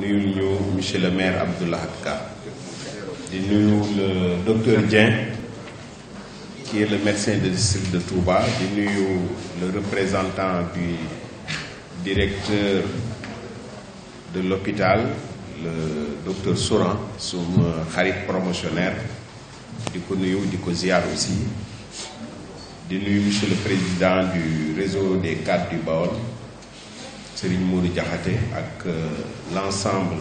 nuyul ñu monsieur le maire Abdou Lahad Ka di nuyu le docteur Dieng qui le médecin de district de Touba di nuyu le représentant du directeur de l'hôpital le docteur Souran suma xarit promotionnaire di ko nuyu di ko ziar aussi di nuyu monsieur le président du réseau des cadres du Baol Serigne Modou Diakhaté ak euh, l'ensemble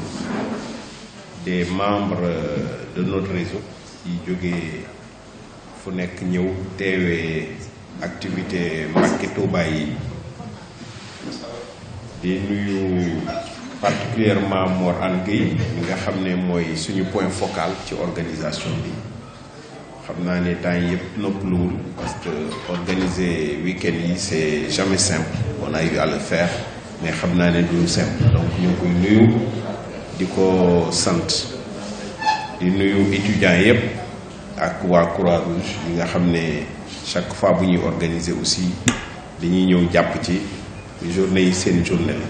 des membres euh, de notre réseau yi jógee fu nekk ñëw teewee activité Mbacké Touba yi di nuyu particulièrement Mor An Gueye nga xam ne mooy suñu point focal ci organisation bi xam naa ne temps yëpp noppaluwul parce que organiser week-end yi c'est jamais simple on a eu à le mais xam naa ne du seen donc ñu koy nuyu di ko sant di nuyu étudiants yëpp ak waa Croix-Rouge yi nga xam ne chaque fois bu ñuy organiser aussi dañuy ñëw jàpp ci journée yi seen journée la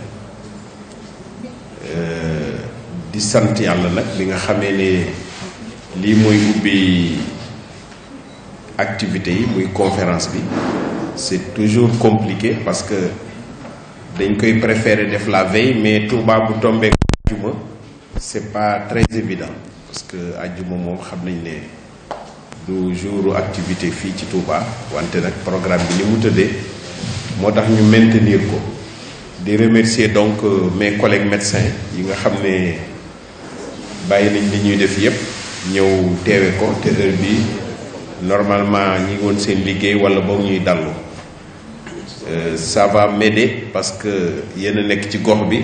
euh, di sant yàlla nag bi nga xamee ne lii mooy ubbi activité yi muy conférence bi c'est toujours compliqué parce que dañ koy préférer def la veille mais Touba bu tombee ajuma c'est pas très évident parce que ajuma moom xam nañ ne du jour activité fii ci Touba wante nag programme bi ni mu tëddee moo tax ñu maintenir ko di remercier donc euh, mes collègues médecins yi nga xam ne bàyyi nañ li ñuy def yépp ñëw teewe ko te bi normalement ñi ngi woon seen liggéey wala boog ñuy dallu Euh, ça va m'aider parce que yéen nekk ci gox bi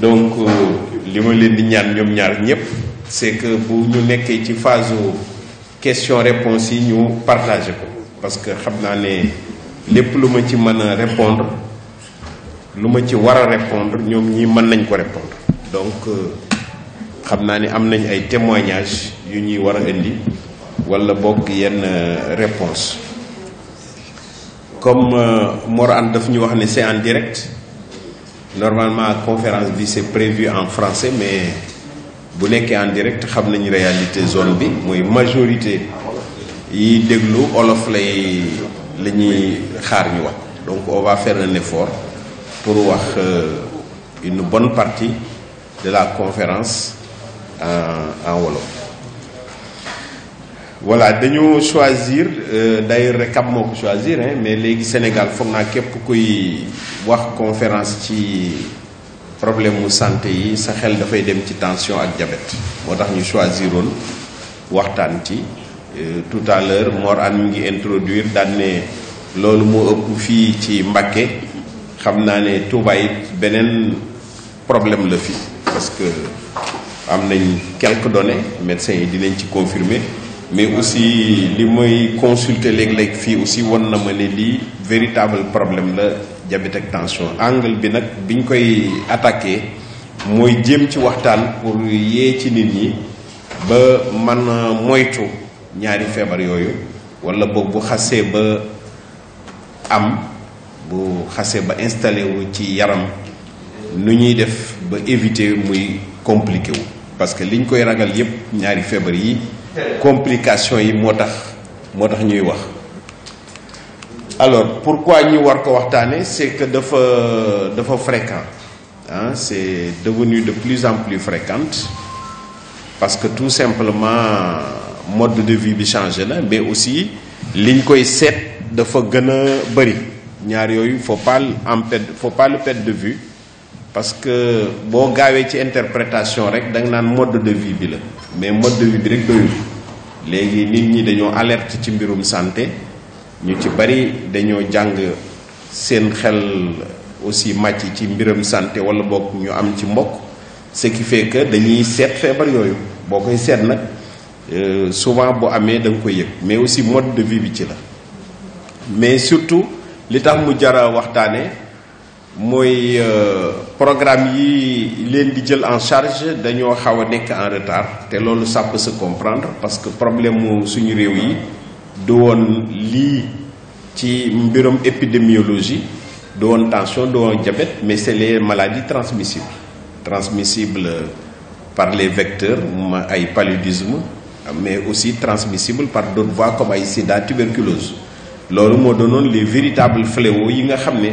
donc euh, li ma leen di ñaan ñoom ñaar ñëpp c'est que bu ñu nekkee ci phase question réponse yi ñu partagé ko parce que xam naa ne lépp lu ma ci mën a répondre lu ma ci war a répondre ñoom ñi mën nañ ko répondre donc euh, xam naa ni am nañ ay témoignages yu ñuy war a indi wala bokk yenn réponse comme ànd euh, daf ñu wax ne c'est en direct normalement conférence bi c'est prévu en français mais bu nekkee en direct xam nañu réalité zone bi mooy majorité yi déglu olof lay la ñuy xaar ñu wax donc on va faire un effort pour wax euh, une bonne partie de la conférence en en wolof. voilà dañoo choisir euh, d'ailleurs kam moo ko choisir hein mais léegi Sénégal foog naa képp koy wax conférence ci problème mu santé yi sa xel dafay dem ci tension ak diabète moo tax ñu choisiroon waxtaan ci euh, tout à l'heure Mor Anne mu ngi introduire daan loolu moo ëpp fii ci Mbacké xam naa ne Touba it beneen problème la fi parce que am nañ quelques données médecins yi dinañ ci confirmer mais aussi li mooy consulter léeg-léeg fii aussi won na ma ne lii véritable problème la diabète ak tension angle bi nag biñ koy attaqué mooy jéem ci waxtaan pour yee ci nit ñi ba mën a moytu ñaari feebar yooyu wala boog bu xasee ba am bu xasee ba installé wu ci yaram nu ñuy def ba éviter muy compliqué wu parce que liñ koy ragal yépp ñaari feebar yi complication yi moo tax moo tax ñuy wax alors pourquoi ñu war ko waxtaane c'est que dafa dafa fréquent ah c'est devenu de plus en plus fréquente parce que tout simplement mode de vie bi changé na mais aussi liñ koy seet dafa gën a bëri ñaar yooyu faut pas en perdre faut pas le de vue parce que boo gaawee ci interprétation rek da nga naan mode de vie bi la mais mode de vie bi rek doyul léegi nit ñi dañoo alerte ci mbirum santé ñu ci bari dañoo jàng seen xel aussi màcc ci mbiram santé wala bokk ñu am ci mbokk ce qui fait que dañuy seet feebar yooyu boo koy seet nag euh, souvent bu amee da ko koy yëg mais aussi mode de vie bi ci la mais surtout li tax mu jara waxtaane mooy euh, programme yi leen di jël en charge dañoo xaw a nekk en retard te loolu ça peut comprendre parce que problème mu suñu réew yi du woon lii ci mbirum épidémiologie du woon tension du woon diabète mais c'est les maladies transmissibles transmissibles par les vecteurs ma ay paludisme mais aussi transmissibles par d'autres voies comme ay sida tuberculose loolu moo doonoon les véritables fléaux yi nga xam ne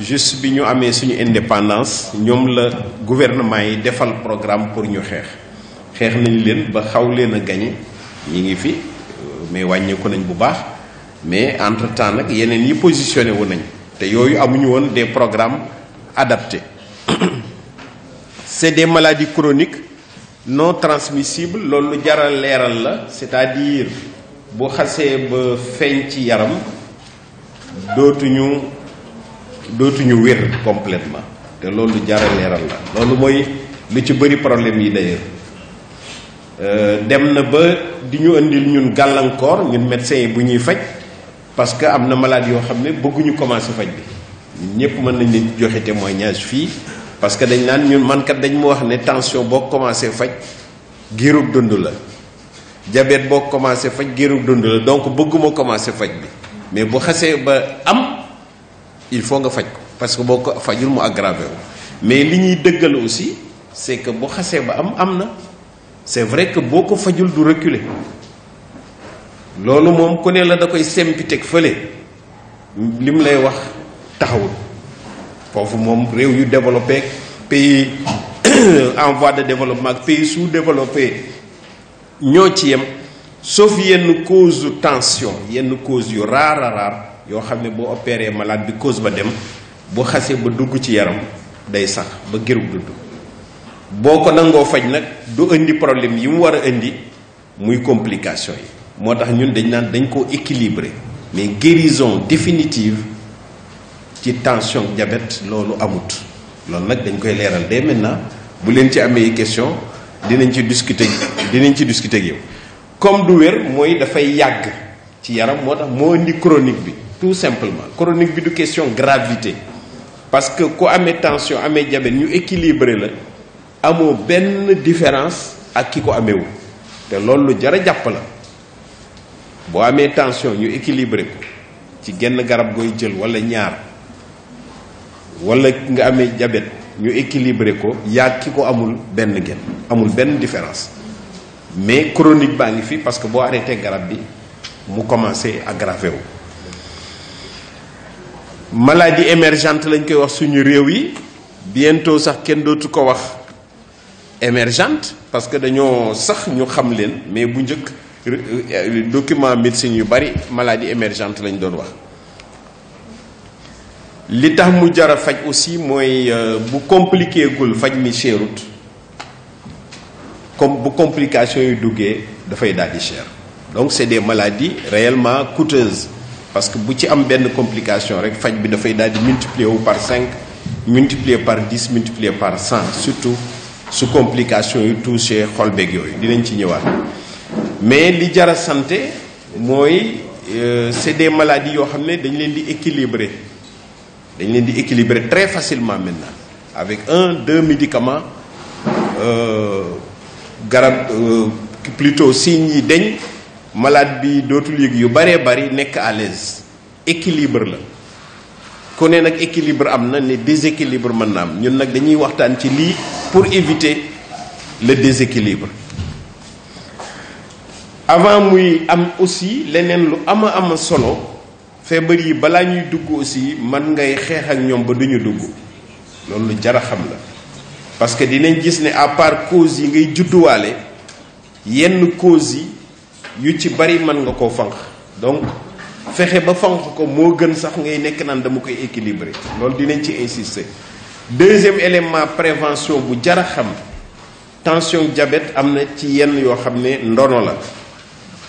juste bi ñu amee suñu indépendance ñoom la gouvernement yi defal programme pour ñu xeex xeex nañ leen ba xaw leen a gañe ñi ngi fi mais wàññeeku nañ bu baax mais entre temps nag yeneen yi positionné wu nañ te yooyu amuñu woon des programmes adapté c'est des maladies cronique non transmissibles loolu jaral leeral la c'est-à-dire bu xasee ba feeñ ci yaram dootuñu dootuñu wér complètement te loolu jara leeral la loolu mooy lu ci bëri problème yi d'ailleurs euh, dem na ba di ñu indil ñun gàllankoor ñun médecins yi bu ñuy faj parce que am na malade yoo xam ne bëgguñu commencé faj bi ñun ñëpp mën nañ leen joxe témoignage fii parce que dañ naan ñun man kat dañ ma wax ne tension boo commencé faj giirub dund la diabète boo commencé faj giirub dund la donc bëgguma commencé faj bi mais bu xasee ba am il faut nga faj ko parce que boo ko fajul mu aggravé mais li ñuy dëggal aussi c'est que bu xasee ba am am na c'est vrai que boo ko fajul du reculer loolu moom ku ne la da koy sempi teg fële li mu lay wax taxawul foofu moom réew yu développé pays en de développement ak pays sous-développé ñoo ci yem sauf yenn cause tension yenn cause yu raar a raar yoo xam ne boo opéré malade bi cause ba dem bu xasee ba dugg ci yaram day sax ba gërub dund boo ko nangoo faj nag du indi problème yi mu war a indi muy complication yi moo tax ñun dañ naan dañ koo équilibré mais guérison définitive ci tension jabet loolu amut loolu nag dañ koy leeral dès maintenant bu leen ci amee question dinañ ci discuter dinañ ci discuter yow comme du wér mooy dafay yàgg ci yaram moo tax moo indi chronique bi tout simplement chronique bi du question gravité parce que ku amee tension amee diabète ñu équilibré la amoo benn différence ak ki ko ameewul te loolu lu jar a jàpp la boo amee tension ñu équilibré ko ci genn garab gooy jël wala ñaar wala nga amee jabet ñu équilibré ko yaa ki ko amul benn genn amul benn différence mais chronique baa ngi fii parce que boo arrêté garab bi mu commencé aggravé wu maladie émergente lañ koy wax suñu réew yi bientôt sax kenn dootu ko wax émergente parce que dañoo sax ñu xam leen mais bu njëkk euh, euh, document médecine yu bari maladie émergente lañ doon wax li tax mu jar a faj aussi mooy euh, bu compliqué gul faj mi cherut comme bu complication yu duggee dafay daal di donc c'est des maladies réellement coûteuses parce que bu ci am benn complication rek faj bi dafay daal di multiplier wu par cinq multiplier par 10 multiplier par cent surtout su complication yu touché xol beeg yooyu dinañ ci ñëwaat mais li jara santé mooy euh, c'est des maladies yoo xam ne dañ leen di équilibrer dañ leen di équilibrer très facilement maintenant avec un deux médicaments euh, garab euh, plutôt signes yi dañ malade bi dootul yëg yu baree bari nekk à l'aise équilibre la ku ne nag équilibre am na ne déséquilibre mën na am ñun nag dañuy waxtaan ci lii pour éviter le déséquilibre avant muy am aussi leneen lu ama ama solo feebar yi balaa ñuy dugg aussi man ngay xeex ak ñoom ba duñu dugg loolu jara xam la parce que dinañ gis ne à part cause yi ngay judduwaale yenn cause yi yu ci bari mën nga koo fanq donc fexe ba fanq ko moo gën sax ngay nekk naan dama koy équilibrer loolu dinañ ci insister deuxième élément prévention bu jara xam tension jabet am na ci yenn yoo xam ne ndono la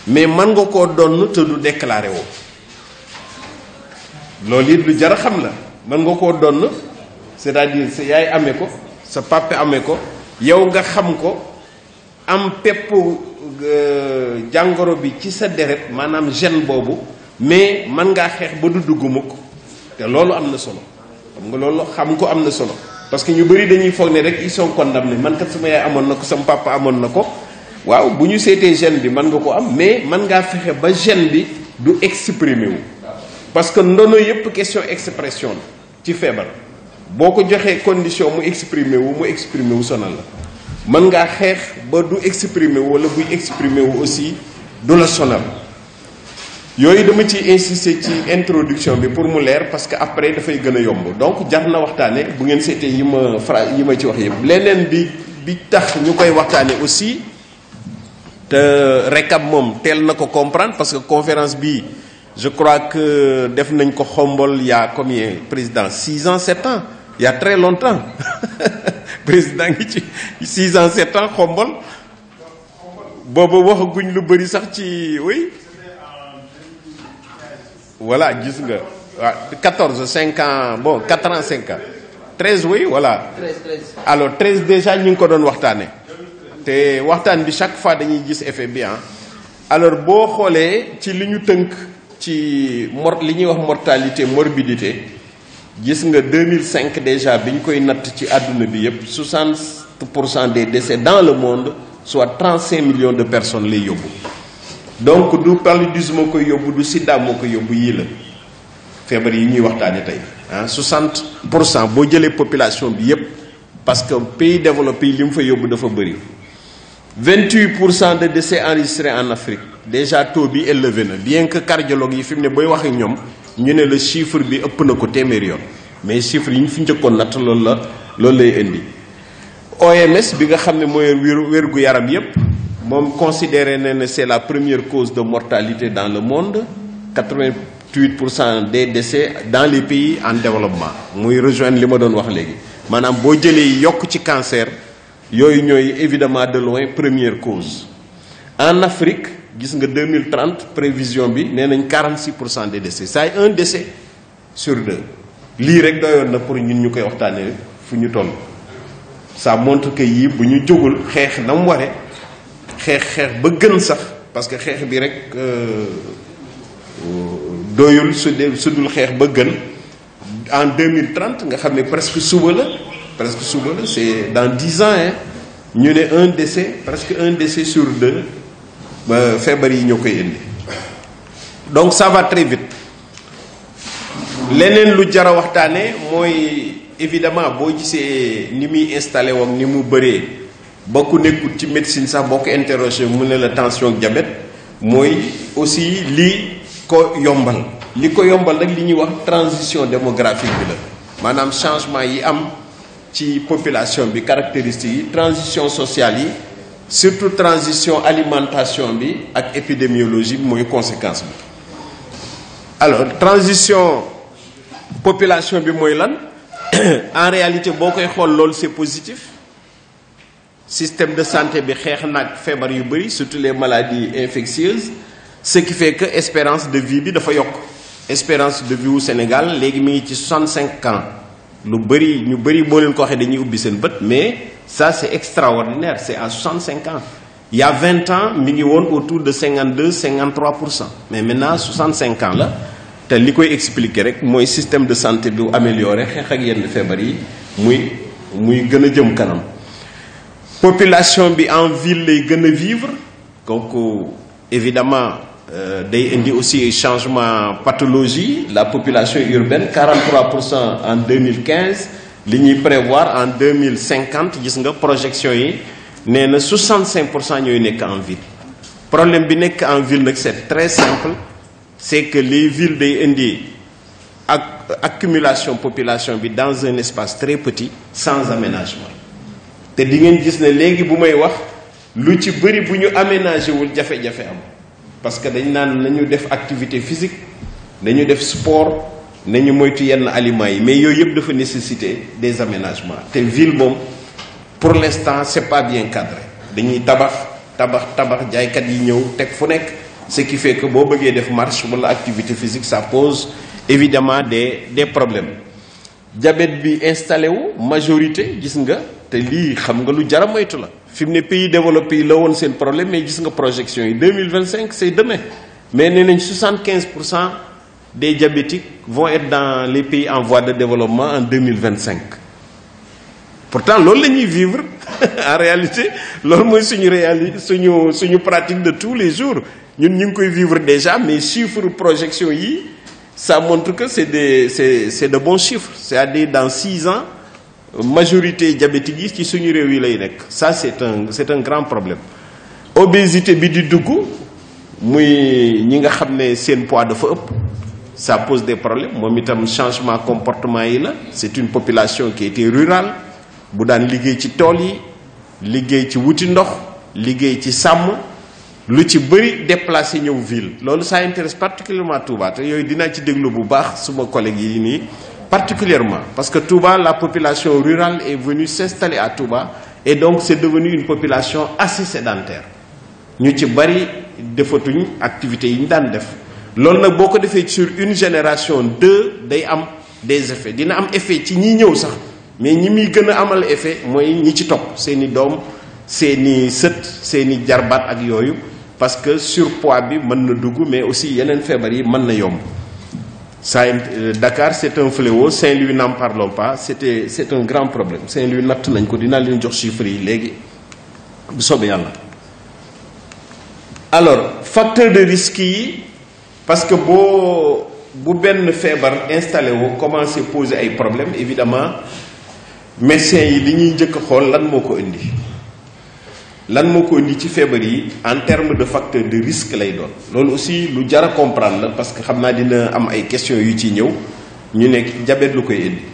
mais mën nga koo donn te du déclaré woo loolu it lu jara xam la mën nga koo donn c'est-à-dire sa yaay amee ko sa papa amee ko yow nga xam ko am pepp Euh, jàngoro bi ci sa deret maanaam gène boobu mais man ngaa xeex ba du dugg mukk te loolu am na solo xam nga loolu xam ko am na solo parce que ñu bëri dañuy foog ne rek ils sont condamnés man kat sama yaay amoon na ko sama papa amoon na ko waaw bu ñu seetee gène bi mën nga ko am mais man ngaa fexe ba gène bi du exprimer wu parce que ndono yépp question expression ci feebar boo ko joxee condition mu exprimer wu mu exprimer wu sonal la mën ngaa xeex ba du exprimer wu wala buy exprimer wu aussi du la sonal yooyu dama ci insister ci introduction bi pour mu leer parce que après dafay gën a yomb donc jar na waxtaane bu ngeen seetee yi ma fra yi ma ci wax yëpp leneen bi bi tax ñu koy waxtaane aussi te rekab moom teel na ko comprendre parce que conférence bi je crois que def nañ ko xombol y a président six ans sept ans il y a très longtemps président ngi ci 6 ans 7 ans xombol. booba waxaguñ lu bëri sax ci oui. voilà gis nga waaw 14 5 ans bon 4 ans 5 ans 13 oui voilà. 13 13. alors 13 déjà ñu ngi ko doon waxtaanee. te waxtaan bi chaque fois dañuy gis effet bi ah. alors boo xoolee ci li ñu tënk ci mor li ñuy wax mortalité morbidité. gis nga 2005 déjà bi ñu koy natt ci àdduna bi yëpp 60 pour cent des décès dans le monde soit 35 millions de personnes lay yóbbu donc du paludisme moo koy yóbbu du sida moo koy yóbbu yii la feebar yi ñuy waxtaane tey ah 60 pour cent boo jëlee population bi yëpp parce que pays développé yi li mu fa yóbbu dafa bëri 28 pour cent de décès enregistrés en Afrique déjà taux bi élevé na bien que cardiologue yi fi mu ne booy wax ñoom. ñu ne la chiffre bi ëpp na ko téeméer yoon mais chiffre yi ñu fi njëkkoon natt loolu la loolu lay indi OMS bi nga xam ne mooy wér wérgu yaram yépp moom considéré na ne la première cause de mortalité dans le monde 88 pour cent des décès dans les pays en développement muy rejoindre li ma doon wax léegi maanaam boo jëlee yokk ci cancer yooyu ñooy évidement de loin première cause en Afrique gis nga deux mille 2030 prévision bi nee nañ 46 pour cent des décès saa un décès sur deux lii rek doyoon na pour ñun ñu koy waxtaanee fu ñu toll sa montre que yii bu ñu jógul xeex na mu waree xeex xeex ba gën sax parce que xeex bi rek euh, doyul su dee su dul xeex ba gën en 2030 nga xam ne presque suba la presque suba la c'est dans dix ans hein ñu ne un décès presque un décès sur deux feebar yi ñoo koy indi donc ça va leneen lu jar a waxtaane mooy évidemment boo gisee ni muy installé woon ni mu bëree bokk ku ci médecine sax boo ko interrogé mu ne la tension ak mooy aussi li ko yombal li ko yombal nag li ñuy wax transition démographique bi la maanaam changement yi am ci population bi caractéristiques yi transition sociale yi surtout transition alimentation bi ak épidémiologie bi mooy conséquence bi alors transition population bi mooy lan en réalité boo koy xool loolu c'est positif système de santé bi xeex nag feebar yu bëri surtout les maladies infectieuses ce qui que espérance de vie bi dafa yokk espérance de wu Sénégal léegi mi ngi ci 65 ans lu bëri ñu bëri boo leen ko waxee dañuy ubbi seen bët mais ça c'est extraordinaire c'est à 65 ans il y a ans mi ngi woon autour de 52 53 pour cent mais maintenant 65 ans la te li koy expliquer rek mooy système de santé bi amélioré xeex ak yenn feebar yi muy muy gën a jëm kanam population bi en ville lay gën a vivre kooku euh, évidemment euh, day indi aussi changement pathologie la population urbaine 43 pour cent en 2015 li ñuy prévoir en deux mille cinquante gis nga projection yi nee na soixante cinq pour cent ñooy nekk en ville problème bi nekk en ville nag c'est très simple c'est que les villes day indi ak accumulation population bi dans un espace très petit sans aménagement te di ngeen gis ne léegi bu may wax lu ci bëri bu ñu aménagé wul jafe-jafe am parce que dañ naan nañu def activité physique nañu def sport nañu moytu yenn aliment yi mais yooyu yëpp dafa nécessité des aménagements te ville moom pour l'instant c'est pas bien cadré dañuy tabax tabax tabax jaaykat yi ñëw teg fu nekk ce qui fait que boo bëggee def marche wala activité physique ça pose évidemment des des problèmes diabète bi installé wu majorité gis nga te lii xam nga lu jara moytu la fi mu ne pays développé yi la woon seen problème mais gis nga projection yi 2025 c'est demain mais nee nañ 75 pour cent des diabétiques von et dans les pays en voie de développement en 2025 pourtant loolu la ñuy vivre en réalité loolu mooy suñu réalité suñu suñu pratique de tous les jours ñun ñu ngi koy vivre déjà mais chiffre projection yi ça montre que c'est des c'est c'est de bon chiffres cest à dans six ans majorité diabétique yi ci suñu réew yi lay nekk ça c'est un c'est un grand problème obésité bi di dugg muy ñi nga xam ne seen poids dafa ëpp ça pose des problème moom itam changement comportement yi la c'est une population qui était rurale bu daan liggéey ci tool yi liggéey ci wuti ndox liggéey ci sàmm lu ci bëri déplacé ñëw ville loolu ça intéresse particulièrement Touba te yooyu dinaa ci déglu bu baax suma collègue yi nii particulièrement parce que Touba la population rurale et venue s'installer à Touba et donc c'est devenu une population assez sédentaire ñu ci bëri defatuñ activités yi ñu daan def loolu nag boo ko defee sur une génération deux day am des effet dina am effet ci ñi ñëw sax mais ñi muy gën a amal effet mooy ñi ci topp seeni doom seeni sët seeni jarbaat ak yooyu parce que surpoids bi mën na dugg mais aussi yeneen feebar yi mën na yomb saa euh, Dakar c'est un fléau Saint-Louis n'en parlons pas c'était c'est un grand problème Saint-Louis natt nañ ko dinaa leen jox chiffres yi léegi bu soobee yàlla alors facteur de risque yi parce que boo bu benn feebar installé wu commencé poser ay problème évidemment médecins yi li ñuy njëkk xool lan moo ko indi lan moo ko indi ci feebar yi en terme de facteur de risque lay doon loolu aussi lu jar a comprendre la parce que xam naa dina am ay question yu ciy ñëw ñu nekk diabète lu koy indi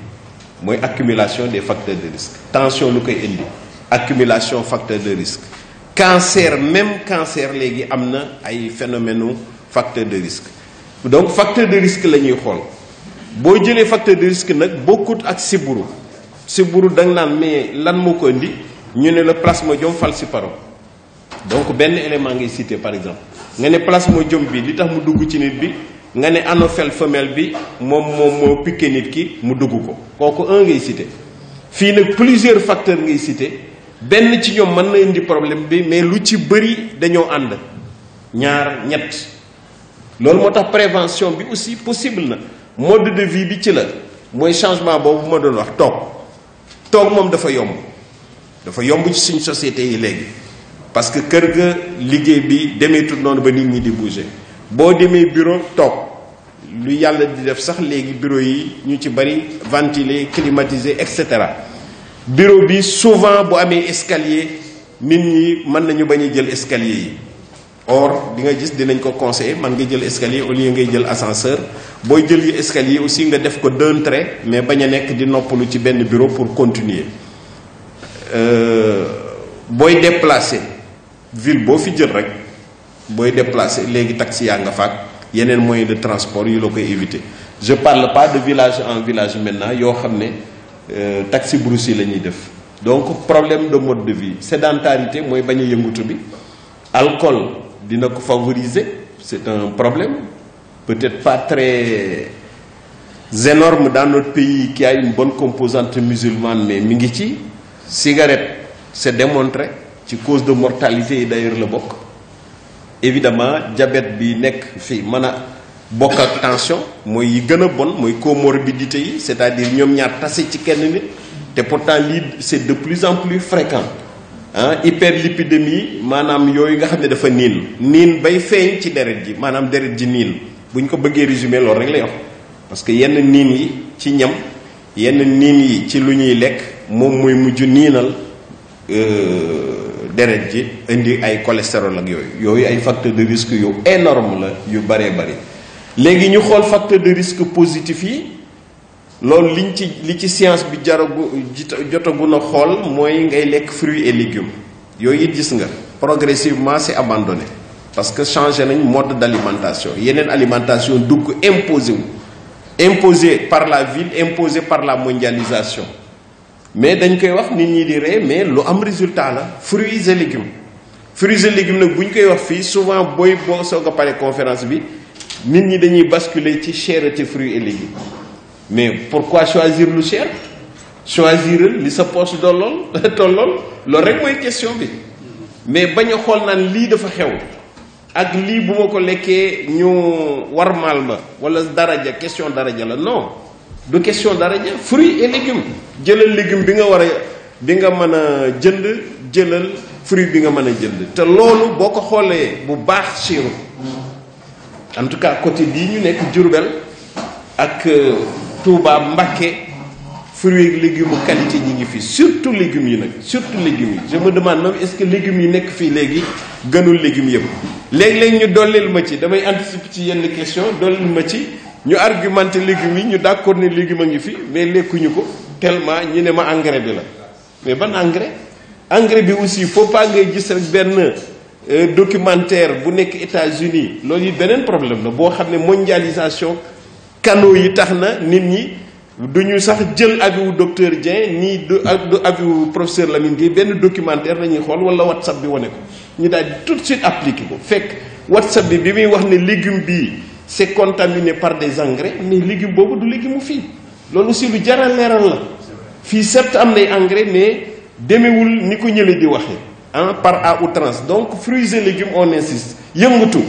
mooy accumulation des facteurs de risque tension lu koy indi accumulation facteur de risque cancer même cancer léegi am na ay phénomène facteur de risque donc facteur de risque la ñuy xool boo jëlee facteur de risque nag bokkut ak siburu siburu da naan mais lan moo ko indi ñu ne la plasmodium falciparum donc benn élément ngay cité par exemple nga ne jom bi li tax mu dugg ci nit bi nga ne anophèle femelle bi moom moom moo piqué nit ki mu dugg ko kooku un ngay cité fii nag plusieurs facteurs ngay cité benn ci ñoom mën na indi problème bi mais lu ci bëri dañoo ànd ñaar ñett loolu moo tax prévention bi aussi possible na mode de vie bi ci la mooy changement boobu ma doon wax toog toog moom dafa yomb dafa yomb ci suñ société yi léegi parce que kër ga liggéey bi demee demeetul noonu ba nit ñi di bouger boo demee bureau toog lu yàlla di def sax léegi bureau yi ñu ci bëri ventilé climatisé et cetera bureau bi souvent bu amee escalier nit ñi mën nañu bañ a jël escalier yi or di nga gis dinañ ko conseiller man nga jël escalier au lieu ngay jël ascenseur booy jël yi escalier aussi nga def ko d'un trait mais bañ a nekk di noppalu ci benn bureau pour continuer euh, booy déplacer ville boo fi jël rek booy déplacer léegi taxi yaa nga faak yeneen moyen de transport yu la koy éviter je parle pas de village en village maintenant yoo xam ne Euh, taxi brousse yi la ñuy def donc problème de mode de vie sédentarité mooy bañu a yëngutu bi alcool dina ko favoriser c'est un problème peut-être pas très énorme dans notre pays qui a une bonne composante musulmane mais mi ngi ci cigarette c'est démontré ci cause de mortalité yi d'ailleurs la bokk évidemment diabète bi nekk fii mën a bokk ak tension mooy yi gën a bon mooy comorbidité yi c'est-à-dire ñoom ñaar tase ci kenn nit te pourtant lii c'est de plus en plus fréquent ah hyperlipidémie maanaam yooyu nga xam ne dafa niin niin bay feeñ ci deret ji maanaam deret ji niin bu ñu ko bëggee résumer loolu rek lay wax parce que yenn niin yi ci ñam yenn niin yi ci lu ñuy lekk moom mooy mujj niinal euh, deret ji indi ay cholestérol ak yooyu yooyu ay facteur de risque yow énorme la yu baree bëri léegi ñu xool facteur de risque positif yi loolu liñ ci li ci science bi jaragu jotagu na xool mooy ngay lekk fruits et légumes yooyu it gis nga progressivement c'est abandonné parce que changé nañ mode d'alimentation yeneen alimentation dugg imposé wu imposé par la ville imposé par la mondialisation mais dañ koy wax nit ñi di ree mais lu am résultat la fruits et légumes fruits et légumes nag bu ñu koy wax fii souvent booy boo soog a pare conférence bi nit ñi dañuy basculer ci cherté fruits et légumes mais pourquoi choisir lu cher choisir li sa poche dollool tollool loolu rek mooy question bi mais bañ a xool naan lii dafa xew ak lii bu ma ko lekkee ñu warmaal ma wala daraja question daraja la non du question daraja fruits et légumes jëlal légume bi nga war a bi nga mën a jënd jëlal fruit bi nga mën a jënd te loolu boo ko xoolee bu baax siiru en tout cas côté bii ñu nekk Diourbel ak euh, Touba Mbacké fruits ak légumes qualité ñi ngi fii surtout légumes yi nag surtout légumes yi je me demande même est-ce que légumes yi nekk fii léegi gënul légumes yëpp léeg-léeg ñu dollil ma ci damay anticiper ci yenn question dollil ma ci ñu argumenté légumes yi ñu d'accord ne légumes a ngi fii mais lekkuñu ko tellement ñi ne ma engrais bi la mais ban engrais engrais bi aussi faut pas ngay gis rek benn Euh, documentaire bu nekk États-Unis loolu yi beneen problème la boo xam ne mondialisation canaux yi tax na nit ñi du ñu sax jël avis wu docteur Dieng nii du du avis wu professeur Lamine Gueye benn documentaire la ñuy xool wala WhatsApp bi wane ko ñu daal tout de suite appliqué ko fekk WhatsApp bi bi muy wax ne légume bii c'est contaminé par des engrais mais légume boobu du légume fii loolu aussi lu jaral leeral la fii certes am nay engrais mais demewul ni ko ñële di waxee hein par à outrance donc fruits et légumes on insiste yëngatu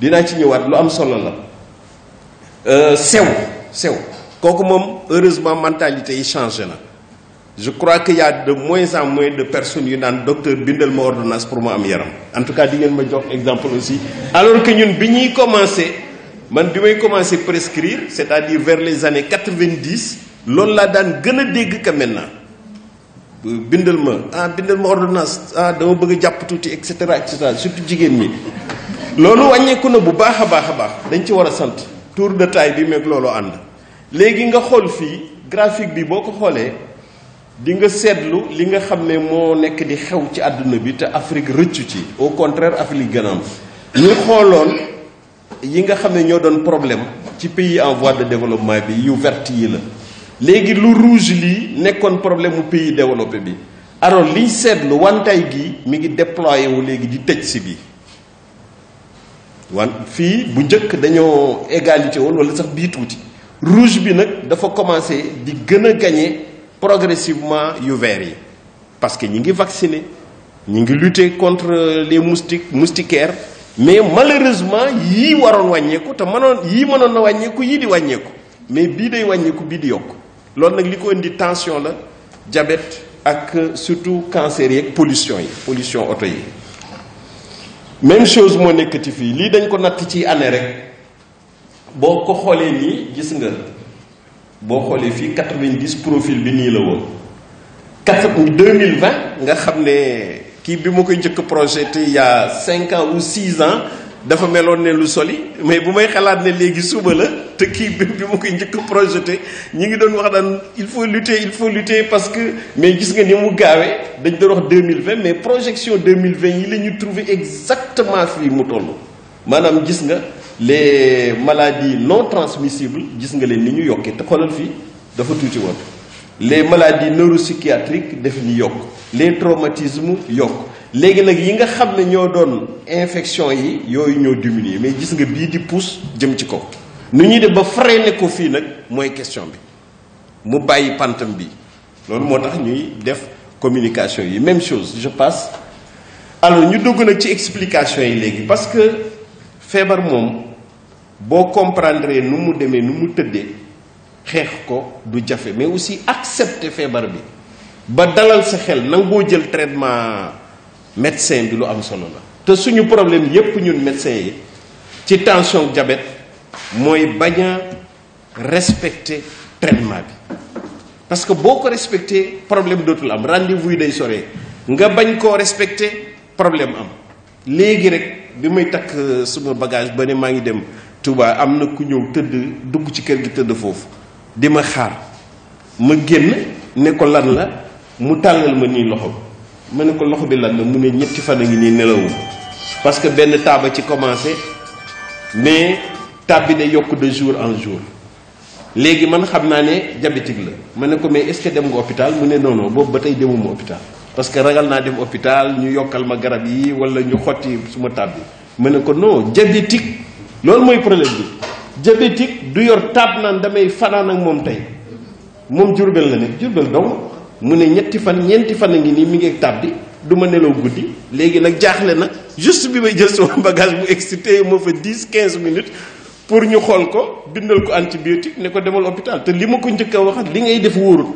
dinaa ci ñëwaat lu am solo la euh, sew sew kooku moom heureusement mentalité yi changé na je crois que y a de moins en moins de personnes yu daan docteur bindal ma ordonnance pour ma am yaram en tout cas di ngeen ma jox exemple aussi alors que ñun bi ñuy commencé man bi may commencé prescrire c'est-à-dire vers les années quatre-vingt-dix loolu laa daan gën a dégg que maintenant bindal ma ah bindal ma ordonnance ah dama bëgg jàpp tuuti et cetera et cetera surtout jigéen ñi loolu wàññeeku na bu baax a baax a baax dañ ci war a sant tour de taille bi meeg loolu ànd léegi nga xool fii graphique bi boo ko xoolee di nga seetlu li nga xam ne moo nekk di xew ci àdduna bi te Afrique rëccu ci au contraire Afrique ganam ñu xooloon yi nga xam ne ñoo doon problème ci pays en voie de développement bi yu vert yi la léegi lu rouge lii nekkoon problème mu pays développé bi alors liñ seetlu wantaay gi mi ngi déployé wu léegi di tëj si bi wan fii bu njëkk dañoo égalité woon wala sax bii tuuti rouge bi nag dafa commencé di gën a gagné progressivement yu vert yi parce que ñi ngi vacciné ñi ngi lutter contre les moustiques moustiquaires mais malheureusement yii waroon wàññeeku te mënoon yii mënoon na wàññeeku yii di wàññeeku mais bii day wàññeeku bii di yokk loolu nag li ko indi tension la jabet ak surtout cancer yi ak pollution yi pollution oto yi même chose moo nekkati fii lii dañ ko natt ci année rek boo ko xoolee nii gis nga boo xoolee fii 90 profil bi nii la woon quatre 2020 nga xam ne kii bi ma koy njëkk projeté il a cinq ans ou six ans dafa meloon ne lu soli mais bu may xalaat ne léegi suba la te kii bi bi ma koy njëkk projeté ñu ngi doon wax daan il faut lutter il faut lutter parce que mais gis nga ni mu gaawee dañ doon wax 2020 mais projection 2020 yi la ñu trouvé exactement fii mu toll maanaam gis nga les maladies non transmissibles gis nga leen ni ñu yokkee te xoolal fii dafa tuuti woon les maladies neuropsychiatriques def ni yokk les traumatismes yokk léegi nag yi nga xam ne ñoo doon infection yi yooyu ñoo diminuer mais gis nga bii di pousse jëm ci ko nu ñuy def ba freiner ko fii nag mooy question bi mu bàyyi pantam bi loolu moo tax ñuy def communication yi même chose je passe alors ñu dogg nag ci explication yi léegi parce que feebar moom boo comprendre nu mu demee nu mu tëddee xeex ko du jafe mais aussi accepter feebar bi ba dalal sa xel nangoo jël traitement médecin bi lu am solo la te suñu problème yépp ñun médecin yi ci tension jabet mooy bañ a traitement bi parce que boo ko respecté problème dootul am rendez-vous yi day soree nga bañ koo respecté problème am léegi rek bi may takk euh, suma bagage ba ne maa ngi dem Touba am na ku ñëw tëdd dugg ci kër gi tëdd foofu di ma xaar ma génn ne ko lan la mu tàllal ma nii loxo bi ma ne ko loxo bi lan la mu ne ñetti fan a ngi nii nelawul parce que benn taaba ci commencé mais tab bi day yokk de jour en jour léegi man xam naa ne diabétique la ma ne ko mais est-ce que dem nga hôpital mu ne noonoo boobu ba tey demuma hôpital parce que ragal naa dem hôpital ñu yokkal ma garab yi wala ñu xotti suma tab bi ma ne ko non diabétique loolu mooy problème bi diabétique du yor tab naan damay fanaan ak moom tey moom jurbel la nekk jurbel dong mu ne ñetti fan ñeenti fan a ngi nii mi ngi tàbbi du ma nelaw guddi léegi nag jaaxle na juste bi may jël sama bagage bu excité moo fa 10 quinze minutes pour ñu xool ko bindal ko antibiotique ne ko demal hôpital te li ma ko njëkk a waxat li ngay def wóorul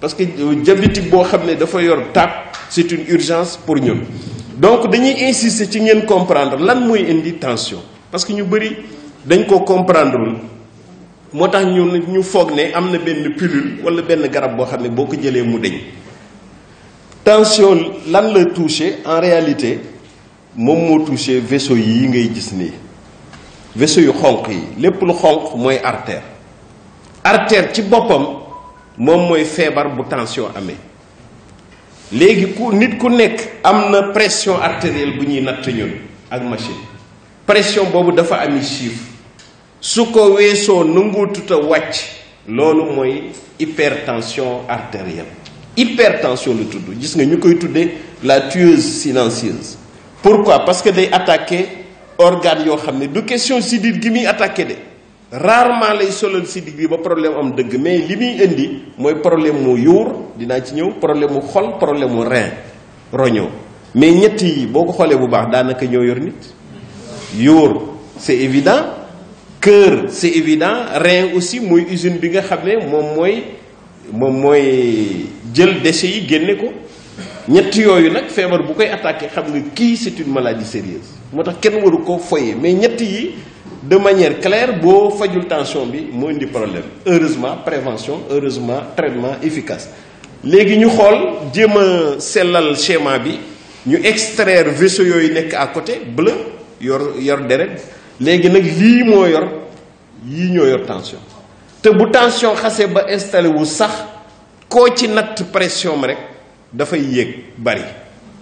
parce que euh, diabétique boo xam ne dafa yor taab c'est une urgence pour ñu donc dañuy insister ci ngeen comprendre lan mooy indi tension parce que ñu bëri dañ ko comprendrewul moo tax ñu ñu foog ne am na benn pilule wala benn garab boo xam ne boo ko jëlee mu deñ tension lan la touché en réalité moom moo touché vaisseau yi ngay gis nii vaisseau yu xonq yi lépp lu xonq mooy artère artère ci boppam moom mooy feebar bu tension amee léegi ku nit ku nekk am na pression artérielle bu ñuy natt ñun ak machine pression boobu dafa ami chiffre su ko weesoo nanguututa wàcc loolu mooy hypertension artérielle hypertension lu tudd gis nga ñu koy tuddee la tueuse silencieuse pourquoi parce que day attaque organe yoo xam ne du question sidit gi muy attaqué de rarement lay solal sidit bi ba problème am dëgg mais li muy indi mooy problème mu yuur dinaa ci ñëw problème mu xol problème mu rein roñoo mais ñett yi boo ko xoolee bu baax daanaka ñoo yor nit yuur c'est évident cœur c'est évident rein aussi mooy usine bi nga xam ne moom mooy moom mooy jël déchets yi génne ko ñett yooyu nag feebar bu koy attaqué xam nga kii c'est une maladie sérieuse moo tax kenn waru ko foyee mais ñett yi de manière claire boo fajul tension bi moo indi problème heureusement prévention heureusement traitement efficace léegi ñu xool jéem a sellal schéma bi ñu extraire vaisseau yooyu nekk à côté bleu yor yor deret léegi nag lii moo yor yii ñoo yor tension te bu tension xasee ba installé wu sax koo ci natt pression rek dafay yéeg bari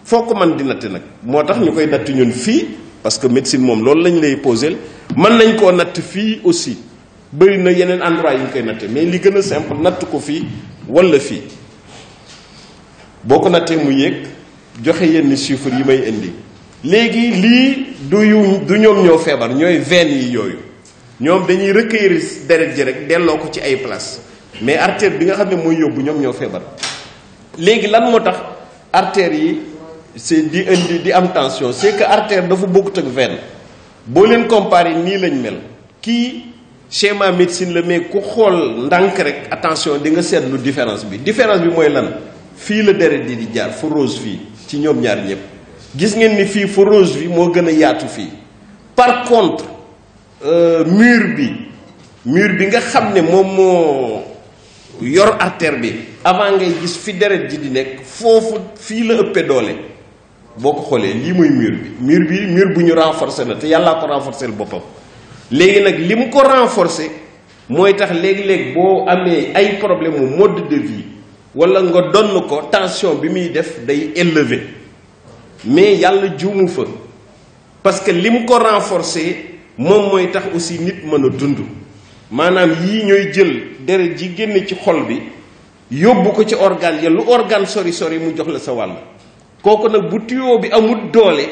foo ko mën di natt nag moo tax ñu koy natt ñun fii parce que médecine moom loolu lañu lay posé mën nañ koo natt fii aussi bëri na yeneen endroit yi ñu koy natte mais li gën a simple natt ko fii walla fii boo ko nattee mu yéeg joxe yenn chiffres yi may indi léegi lii du du ñoom ñoo feebar ñooy veine yi yooyu ñoom dañuy recueillir deret ji rek delloo ko ci ay place mais artère bi nga xam ne mooy yóbbu ñoom ñoo feebar léegi lan moo tax artère yi c'est di indi di am tension c'est que artère dafa bokkut ak ven boo leen comparé nii lañ mel kii schéma médecine la mais ku xool ndànk rek attention di nga seetlu différence bi différence bi mooy lan fii la deret di di jaar fu rose fii ci ñoom ñaar ñëpp gis ngeen ni fii forage bi moo gën a yaatu fii par contre euh, mur bi mur bi nga xam ne moom moo yor artère bi avant ngay gis fi deret ji di nekk foofu fii la ëppee doole boo ko xoolee lii mooy mur bi mur bi mur bu ñu renforcer na te yàllaa ko renforcer boppam léegi nag li mu ko renforcer mooy tax léegi-léeg boo amee ay problème mu mode de vie wala nga donn ko tension bi muy def day élevé mais yàlla juumu fa parce que li mu ko renforcer moom mooy tax aussi nit mën a dund maanaam yii ñooy jël deret ji génn ci xol bi yóbbu ko ci organe ya lu organe sori sori mu jox la sa wàll kooku nag bu tuyoo bi amul doole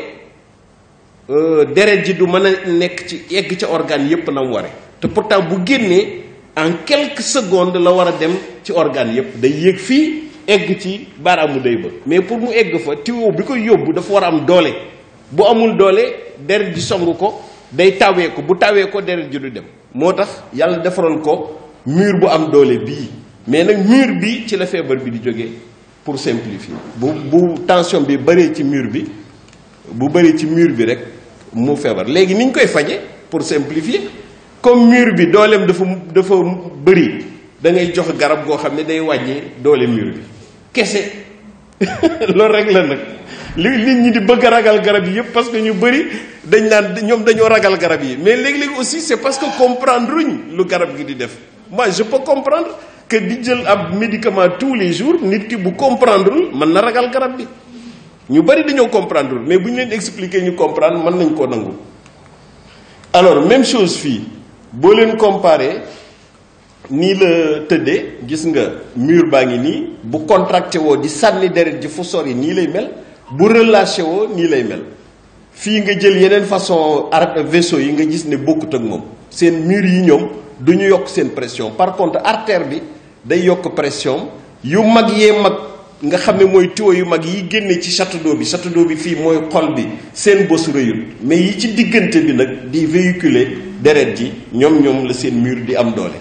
euh, deret ji du mën a nekk ci egg ca organe yépp na mu ware te pourtant bu génnee en quelque secondes la war a dem ci organe yépp day yéeg fii egg ci baaraamu day ba mais pour mu egg fa tiwo bi ko yóbbu dafa war a am doole bu amul doole deret ji song ko day tawee ko bu tawee ko deret ji du dem moo tax yàlla defaroon ko mur bu am doole bii mais nag mur bi ci la feebar bi di jógee pour simplifier bu bu tension bi bëree ci mur bi bu bëree ci mur bi rek mu feebar léegi niñ koy faje pour simplifier comme mur bi dooleem dafa dafa bëri da ngay jox garab goo xam ne day wàññi doole mur kese loolu rek la nag li nit ñi di bëgg a ragal garab yi yëpp parce que ñu bëri dañ naan ñoom dañoo ragal garab yi mais léeg-léeg aussi c'est parce que comprendre uñ lu garab gi di def moi je peux comprendre que di jël ab médicament tous les jours nit ki bu comprendre mën na ragal garab bi ñu bëri dañoo comprendre mais bu ñu leen expliquer ñu comprendre mën nañ koo nangu alors même chose fii boo leen comparer nii la tëddee gis nga mur baa ngi nii bu contracté woo di sànni deret ji fu sori nii lay mel bu relâché woo nii lay mel fii nga jël yeneen façon ar vaisseau yi nga gis ne bokkut ak moom seen mur yi ñoom du ñu yokk seen pression par contre artère bi day yokk pression yu mag yee mag nga xam ne mooy tuyau yu mag yi génne ci château d'eau bi château d'eau bi fii mooy xol bi seen bos rëyul mais yi ci diggante bi nag di véhiculer deret ji ñoom ñoom la seen mur di am doole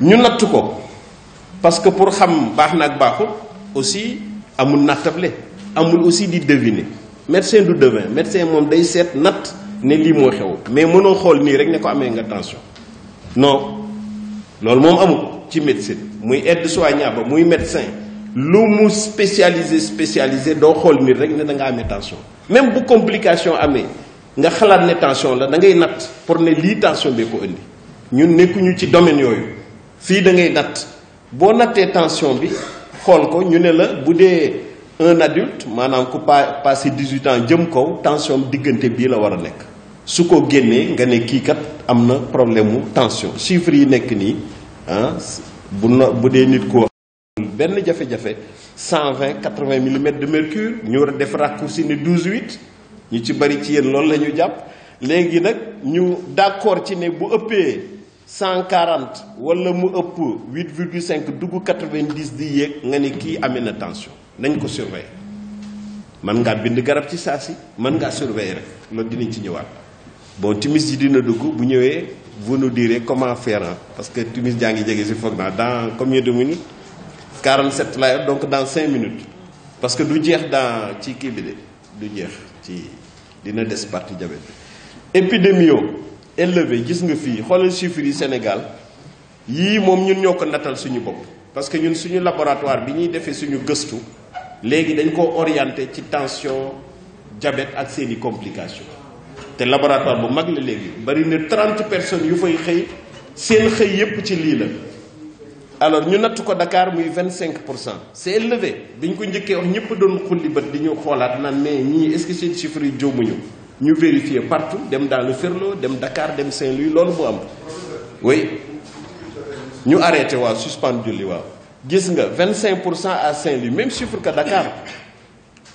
ñu natt ko parce que pour xam baax na ak baaxul aussi amul nattable amul aussi di deviner médecin du devin médecin moom day seet natt ne lii moo xew mais mënoo xool nii rek ne ko amee nga tension non loolu moom amul ci médecine muy aide soignant ba muy médecin lu mu spécialisé spécialiser doo xool nii rek ne da nga amee tension même bu complication amee nga xalaat ne tension la da ngay natt pour ne lii tension bee ko indi ñun nekkuñu ci domaine yooyu fii da ngay natt boo nattee tension bi xool ko ñu ne la bu dee un adulte maanaam ku pa passé 18 ans jëm kaw tension diggante bii la war a nekk su ko génnee nga ne kii kat am na problème mu tension chiffres yi nekk nii ah bu no bu dee nit koo benn jafe-jafe 120 80 millimètres de mercure ñu war a def raccourci ne 12 8 ñu ci bari ci yéen loolu lañu jàpp léegi nag ñu d'accord ci ne bu ëppee cent quarante wala mu ëpp huit virgule cinq dugg quatre vingt di yéeg nga ne kii amee na tension nañ ko surveiller man ngaa bind garab ci saa si man ngaa surveiller rek loolu dinañ ci ñëwaat boo timis ji dina dugg bu ñëwee vous nous direz comment faire parce que timis jaa ngi jege si foog naa dans combien de minutes 47 laa yor donc dans 5 minutes parce que du jeex dans ci kii bi de du jeex ci dina des parti jabet bi épidémio élevé gis nga fii xoolal chiffres yi Sénégal yii moom ñun ñoo ko natal suñu bopp parce que ñun suñu laboratoire bi ñuy defee suñu gëstu léegi dañ ko orienté ci tension jabet ak seeni complication te laboratoire bu mag la léegi bari ne trente personnes yu fay xëy seen xëy yépp ci lii la alors ñu natt ko Dakar muy 25 pour cent c'est élevé biñ ko njëkkee wax ñëpp doon xulli bët di ñu xoolaat naan mais ñii est-ce que ñu vérifier partout dem daal le Ferlo dem Dakar dem saint luy loolu mu am oui ñu arrêté waaw suspendre julli waaw gis nga vingt cinq pour cent à Saint-Louis même chiffre que Dakar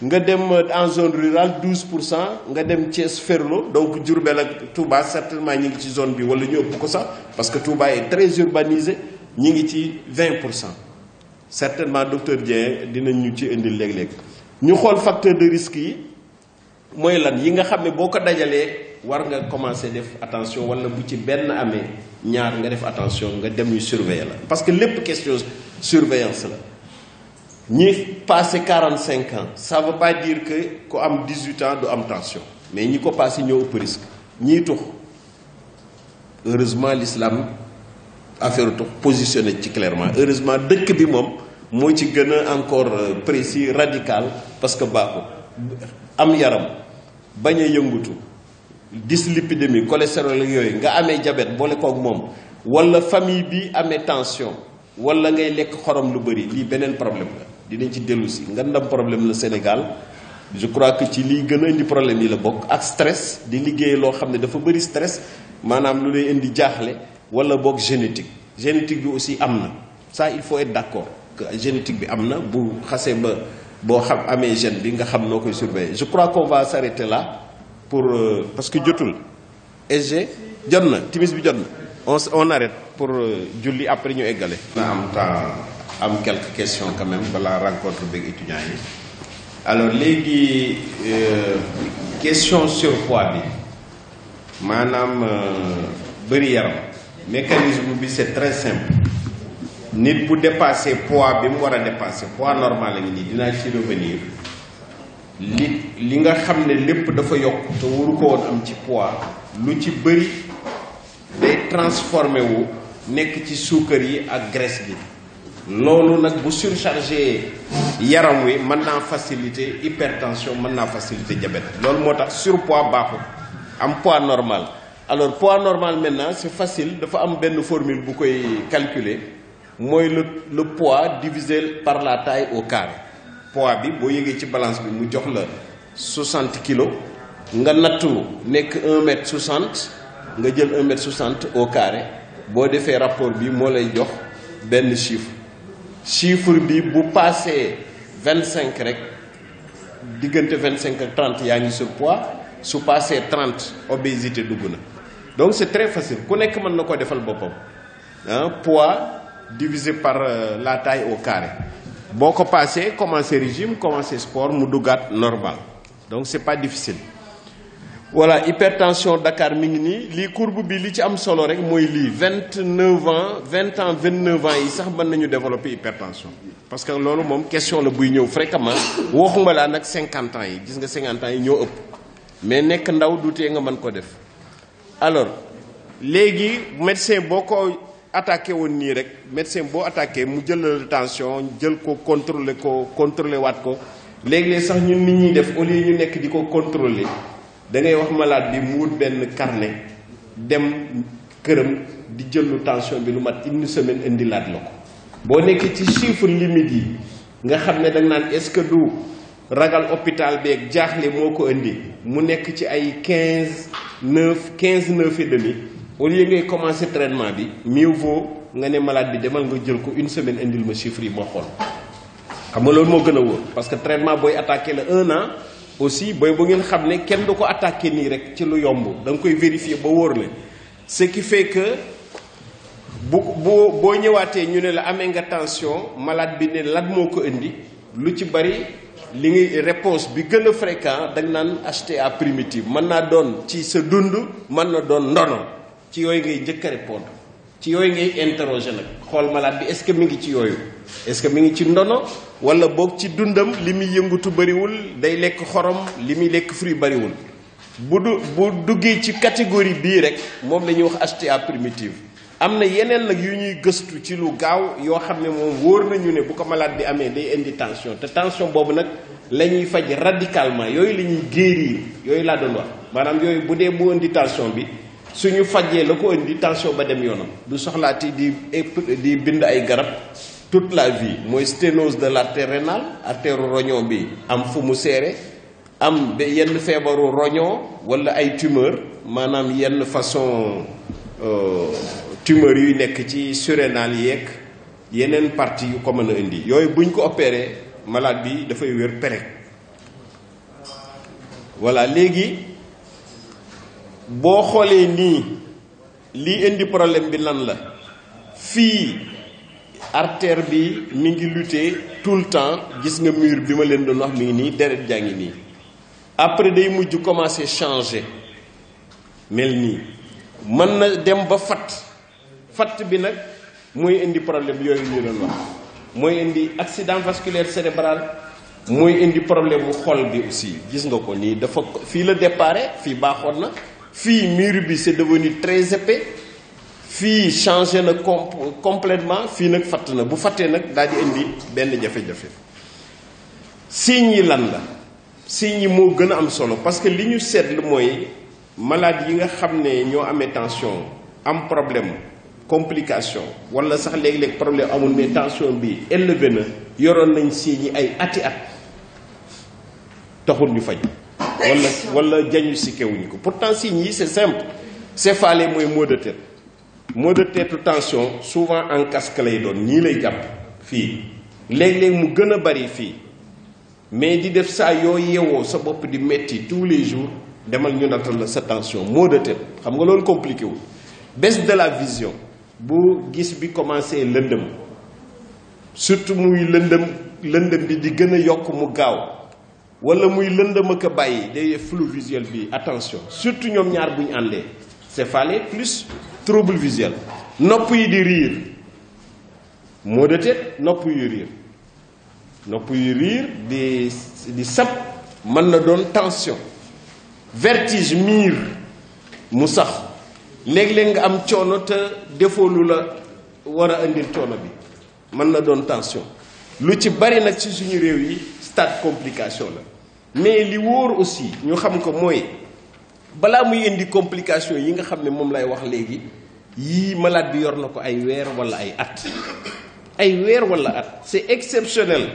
nga dem en zone rural 12 pour cent nga dem Thiès Ferlo donc jur Diourbel ak Touba certainement ñi ngi ci zone bi wala ñu ëpp ko sax parce que Touba est très urbanisé ñi ngi ci vingt pour cent certainement docteur Dieng dinañ ñu ci indil léeg-léeg ñu xool facteur de risque yi. mooy lan yi nga xam ne boo ko dajalee war nga commencer def attention wala bu ci benn amee ñaar nga def attention nga dem ñu surveiller parce que lépp question surveillance la ñi quarante cinq ans ça veut pas dire que ku am 18 ans du am tension mais ñi ko passé ñëw ëpp risque ñiy tux heureusement l'islam affaire tux positionné ci clairement heureusement dëkk bi moom moo ci gën a encore euh, précis radical parce que baaxul am yaram bañ a yëngutu dyslipidémie cholestérol yooyu nga amee diabète boole koog moom wala famille bi amee tension wala ngay lekk xorom lu bëri lii beneen problème la dinañ ci dellu si nga ndam problème la Sénégal je crois que ci liy gën a indi problème yi la bokk ak stress di liggéey loo xam ne dafa bëri stress maanaam lu lay indi jaaxle wala boog génétique génétique bi aussi am na saa il faut être d'accord que génétique bi am na bu xasee ba boo xam amee jeune bi nga xam noo koy surveiller je crois qu'on va s'arrêter la pour euh, parce que jotul SG jot na timis bi jot na on on arrête pour euh, julli après ñu eggale na am temps am quelques question quand même balaa rencontre beeg étudiants yi alors léegi euh, question surpoids bi maanaam euh, bëri yaram mécanisme bi c'est très simple nit bu dépassé poids bi mu war a dépassé poids normal la ngi nii dinaa ci revenir li li nga xam ne lépp dafa yokk te waru ko woon am ci poids lu ci bëri day transformé wu nekk ci suukar yi ak graisse bi loolu nag bu surchargé yaram wi mën naa facilité hypertension mën naa faciliter jabet loolu moo tax surpoids baaxul am poids normal alors poids normal maintenant c'est facile dafa am benn formule bu koy calculer mooy le le poids divisé par la taille au carré poids bi boo yëgee ci balance bi mu jox la 60 kilos nga nattu nekk 1 mètre 60 nga jël 1 mètre 60 au carré boo defee rapport bi moo lay jox benn chiffre chiffre bi bu passé 25 rek diggante 25 ak 30 yaa ngi surpoids su passé 30 obésité dugg na donc c'est très facile ku nekk mën na koo defal boppam ah divisé par euh, la taille au carré boo ko passé commencé régime commencé sport mu duggaat normal donc c'est pas difficile voilà hypertension Dakar mi ngi nii lii courbe bi li ci am solo rek mooy lii vingt neuf ans vingt ans vingt neuf ans yi sax mën nañu développer hypertension parce que loolu moom question la buy ñëw fréquemment waxuma laa nag cinquante ans yi gis nga cinquante ans yi ñoo ëpp mais nekk ndaw du nga mën ko def alors léegi médecin boo ko attaqué woon nii rek médecin boo attaqué mu jël la tension jël ko contrôler ko contrôler waat ko léeg-léeg sax ñun nit ñuy def au lieu ñu nekk di ko contrôler da ngay wax malaat bi mu wut benn carnet dem këram di jël lu tension bi lu mat indi semaine indilaat la ko. boo nekkee ci chiffre limite yi nga xam ne da naan est-ce que du ragal hôpital beeg jaaxle moo ko indi mu nekk ci ay quinze neuf quinze neuf et demi. au lieu ngay commencer traitement bi mieux nga ne malaat bi demal nga jël ko une semaine indil ma chiffre yi moo xool xam nga loolu moo gën a wóor parce que traitement booy attaqué la un an aussi booy bu ngeen xam ne kenn du ko attaqué nii rek ci lu yomb da nga koy vérifier ba wóor la ce qui fait que bu boo boo ñëwaatee ñu ne la amee nga tension malaat bi ne lan moo ko indi lu ci bari li ngay réponse bi gën a fréquent da nga naan HTA primitive mën naa doon ci sa dund mën na doon ndono ci yooyu ngay njëkk a ci yooyu ngay interroger nag xool malade bi est-ce que mi ngi ci yooyu est-ce que mi ngi ci ndono wala boog ci dundam li muy yëngutu bariwul day lekk xorom li muy lekk fruit bariwul bu du bu duggee ci catégorie bii rek moom la ñuy wax HTA primitive am na yeneen nag yu ñuy gëstu ci lu gaaw yoo xam ne moom wóor nañu ne bu ko malade bi amee day indi tension te tension boobu nag la ñuy faj radicalement yooyu la ñuy guérir yooyu laa doon wax maanaam yooyu bu dee mu indi bi suñu fajee la ko indi tension ba dem yoonam du soxlaati di di bind ay garab toute la vie mooy sténose de l'artère rénale artère rognon bi am fu mu seere am yenn feebaru rognon walla ay tumeur maanaam yenn façon euh, tumeur yuy nekk ci surrénal yeeg yeneen partie yu ko mën a indi yooyu buñ ko opeere malade bi dafay wér perek voilà léegi boo xoolee nii lii indi problème bi lan la fii artère bi mu ngi lutter tout le temps gis nga mur bi ma leen doon wax mi ngi nii deret jaa nii après day mujj commencer changer mel nii mën na dem ba fatt fatt bi nag mooy indi problème yooyu ñu doon wax mooy indi accident vasculaire cérébral mooy indi problème mu xol bi aussi gis nga ko nii dafa fii la départ fii baaxoon na fii mur bi c'est devenu très épais fii changé na com complètement fii nag fatt na bu fattee nag daal di indi benn jafe-jafe signes yi lan la signes yi moo gën a am solo parce que li ñu seetlu mooy malade yi nga xam ne ñoo amee tension am problème complication walla sax léeg-léeg problème amul mais tension bi élevé na yoroon nañ signes yi ay ati at taxul ñu faj wala wala diagnostiqué wuñ ko pourtant signes yi c'est simple céphalée mooy maux de tête maux de tête tension souvent en casque lay doon ñii lay jàpp fii léeg-léeg mu gën a bari fii mais di def saa yoo yeewoo sa bopp di metti tous les jours demal ñu nattal la sa tension maux de tête xam nga loolu compliqué wu baisse de la vision bu gis bi commencé lëndëm surtout muy lëndëm lëndëm bi di gën a yokk mu gaaw wala muy lëndëm ak a bàyyi day flou visuel bi attention surtout ñoom ñaar bu ñu àndee céphalée plus trouble visuel nopp yi di riir moo de tête nopp yu riir nopp yu riir di di sab mën na doon tension vertige miir mu sax léeg leen nga am coono te defoo lu la war a indil coono bi mën na doon tension lu ci bari nag ci suñu réew yi stade complication la mais li wóor aussi ñu xam ko mooy balaa muy indi complication yi nga xam ne moom lay wax léegi yii malade bi yor na ko ay weer walla ay at ay weer walla at c'est exceptionnel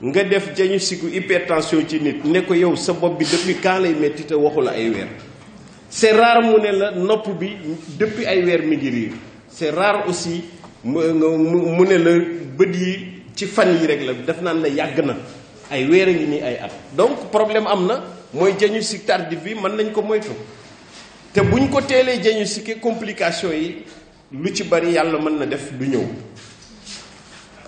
nga def diagnostic hypertension ci nit ne ko yow sa bopp bi depuis quand lay metti te waxu la ay weer c'est rare mu ne la nopp bi depuis ay weer mi ngi riir c'est rare aussi mu mu ne la bët yi ci fan yi rek la def naan la yàgg na ay weer a ngi ay at donc problème am na mooy jañu si tardif bi mën nañ ko moytu te buñ ko teelee jañu si diagnostiqué complication yi lu ci bari yàlla mën na def lu ñëw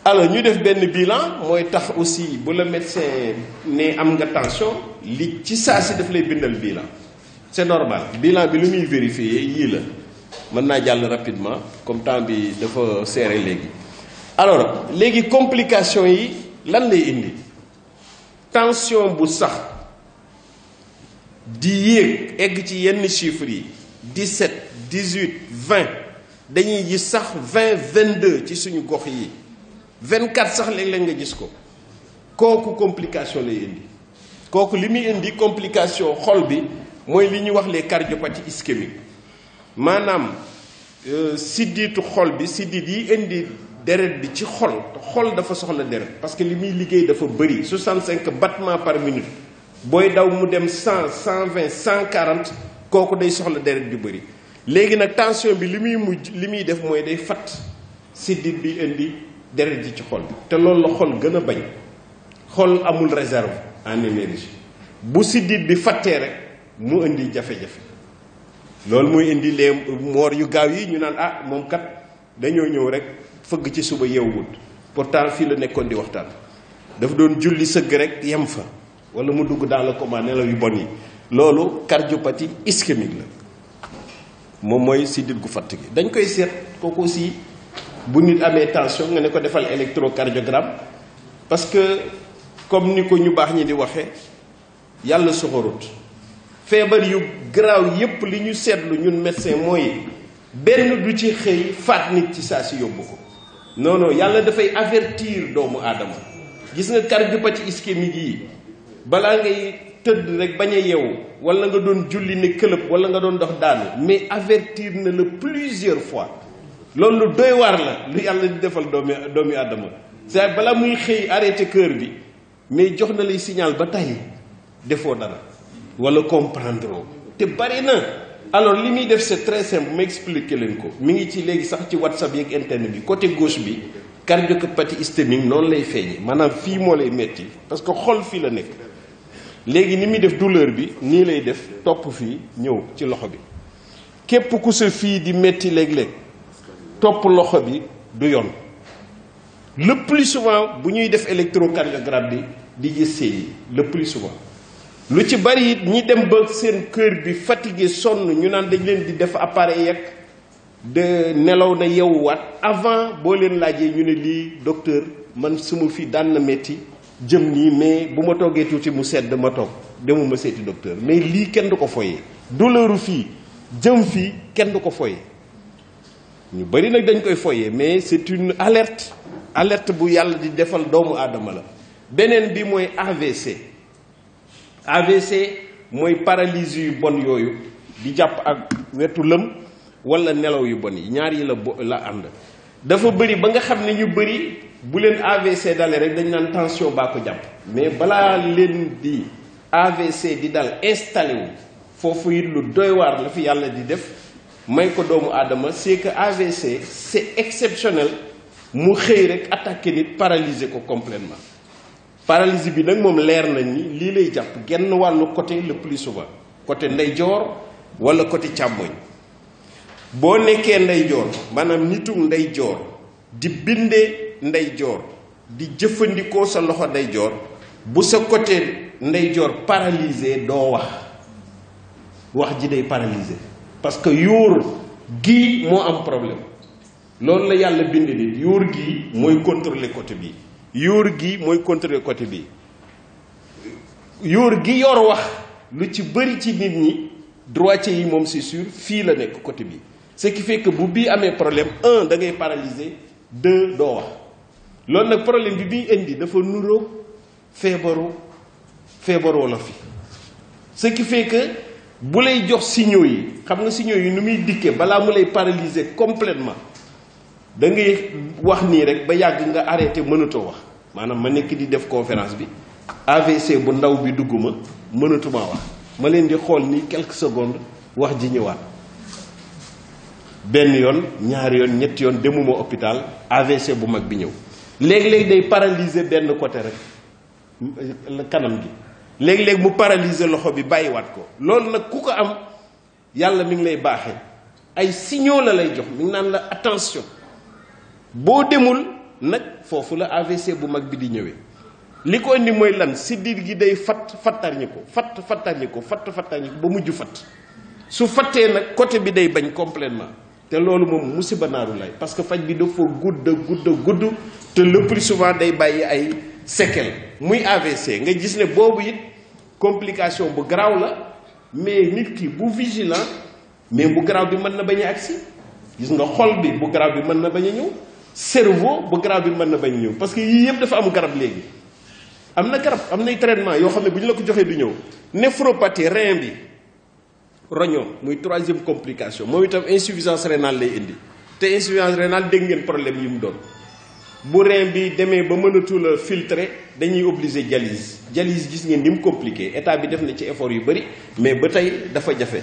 alors ñu def benn bilan mooy tax aussi bu la médecin ne am nga tension li ci saa si daf lay bindal bilan c'est normal bilan bi lu muy vérifier yii la mën naa jàll rapidement comme temps bi dafa seere léegi alors léegi complication yi lan lay indi tension bu sax di yéeg egg ci yenn chiffres yi 17 18 20 dañuy gis sax 20 22 ci suñu gox yi 24 sax léeg-léeg nga gis ko kooku complication lay indi kooku li muy indi complication xol bi mooy li ñuy wax les cardiopathies ischémiques maanaam euh, siddiitu xol bi siddiit yi indi deret bi ci xol te xol dafa soxla deret parce que li muy liggéey dafa bëri 65 battements par minute booy daw mu dem cent cent 100 120 quarante kooku day soxla deret yu bëri léegi nag tension bi li muy mujj li muy def mooy day fat siddit bi indi deret ji ci xol te loolu la xol gën a bañ xol amul réserve en énergie bu siddit bi fattee rek mu indi jafe-jafe loolu muy indi les moor yu gaaw yi ñu naan ah moom kat dañoo ñëw rek fëgg ci suba yeewut pourtant fii la nekkoon di waxtaan dafa doon julli sëgg rek yem fa wala mu dugg dans la coma nelaw yu bon yi loolu karjopati ischémique la moom mooy sidit gu fatt gi dañ koy seet kooku aussi bu nit amee tension nga ne ko defal électrocardiogramme parce que comme ni ko ñu baax ñi di waxe yàlla soxorut feebar yu garaaw yépp li ñu seetlu ñun mercin mooy benn du ci xëy faat nit ci saa si yóbbu ko non non yàlla dafay avertir doomu aadama gis nga cardiopathies ischémiques yi balaa ngay tëdd rek bañ a yeewu wala nga doon julli ne këlëb wala nga doon dox daanu mais avertir na la plusieurs fois loolu lu doy waar la lu yàlla di defal doomi doomu aadama c'est balaa muy xëy arrêté kër bi mais jox na lay signal ba tey defoo dara wala comprendre te bari na alors li muy def c'est très simple ma expliquer leen ko mi ngi ci léegi sax ci whatsapp yeeg internet bi côté gos bi cardiopathie ischémique noonu lay feeñe maanaam fii moo lay metti parce que xol fii la nekk léegi ni muy def douleur bi nii lay def topp fii ñëw ci loxo bi képp ku sa fii di metti léeg-léeg topp loxo bi du yoon le plus souvent bu ñuy def électrocardiogramme bi di gis seen yi le plus souvent lu ci bari it ñi dem ba seen kër bi fatigué sonn ñu naan dañ leen di def appareil yeeg de nelaw na yewwaat avant boo leen laajee ñu ne lii docteur man suma fi daan na métti jëm nii mais bu ma toogee tuuti mu sedd ma toog ma seeti docteur mais lii kenn du ko foyee douleur fii jëm fii kenn du ko foyee ñu bari nag dañ koy foyee mais c'est une alerte alerte bu yàlla di defal doomu aadama la beneen bi mooy AVC AVC mooy paralysie yu bon yooyu di jàpp ak wetu lëm walla nelaw yu bon yi ñaar yi la bo la ànd dafa bëri ba nga xam ne ñu bëri bu leen AVC dalee rek dañu naan tension baa ko jàpp mais balaa leen di AVC di dal installé foofu it lu doy waar la fi yàlla di def may ko doomu aadama c'est que AVC c'est exceptionnel mu xëy rek attaqué nit paralyser ko completement paralysie bi nag moom leer nañ ni lii lay jàpp genn wàllu côté le plus souvent côté ndeyjoor walla côté càmmoñ boo nekkee ndeyjoor maanaam nituk ndeyjoor di bindee ndeyjoor di jëfandikoo sa loxo ndeyjoor bu sa côté ndeyjoor paralysé doo wax wax ji day paralysé parce que yóor gi moo am problème loolu la yàlla bind nit yóor gii mooy contrôler côté bii yóor gi mooy contrôler côté bi yóor gi yor wax lu ci bëri ci nit ñi droitier yi moom c'est sûr fii la nekk côté bi ce qui fait bu bii amee problème un da ngay paralysé deux doo wax loolu nag problème bi bii indi dafa nuroog feebaru feebaru wolof fi ce qui fait bu lay jox signaux yi xam nga signaux yi nu muy dikkee balaa mu lay paralyser complètement da ngay wax nii rek ba yàgg nga arrêté mënatoo wax maanaam ma nekk di def conférence bi AVC bu ndaw bi dugg ma mënatuma wax ma leen di xool nii quelques secondes wax ji ñëwaat benn yoon ñaari yoon ñetti yoon demuma hôpital AVC bu mag bi ñëw léeg-léeg day paralyser benn côté rek kanam gi léeg-léeg mu paralyser loxo bi bàyyiwaat ko loolu nag ku ko am yàlla mi ngi lay baaxee ay signaux la lay jox mu ngi naan la attention boo demul nag foofu la AVC bu mag bi di ñëwee li ko indi mooy lan siddiit gi day fatt fattarñi ko fatt fattarñi ko fatt fattarñi ko ba mujj fatt su fattee nag côté bi day bañ complètement te loolu moom musiba naaru lay parce que faj bi dafa gudd gudd gudd te le plus souvent day bàyyi ay séquelles muy AVC nga gis ne boobu it complication bu garaaw la mais nit ki bu vigilant mais bu garaaw bi mën na bañ a agsi gis nga xol bi bu garaaw bi mën na bañ cerveau ba garab bi mën na bañ ñëw parce que yii yëpp dafa am garab léegi am na garab am nay traitement yoo xam ne bu ñu la ko joxee du ñëw ne néphropathie rein bi roño muy troisième complication moom itam insuffisance rénale lay indi te insuffisance rénale dégg ngeen problème yi mu doon bu rein bi demee ba mënatul a filtrer dañuy obligé dialyse dialyse gis ngeen ni mu compliqué état bi def na ci effort yu bëri mais ba tey dafa jafe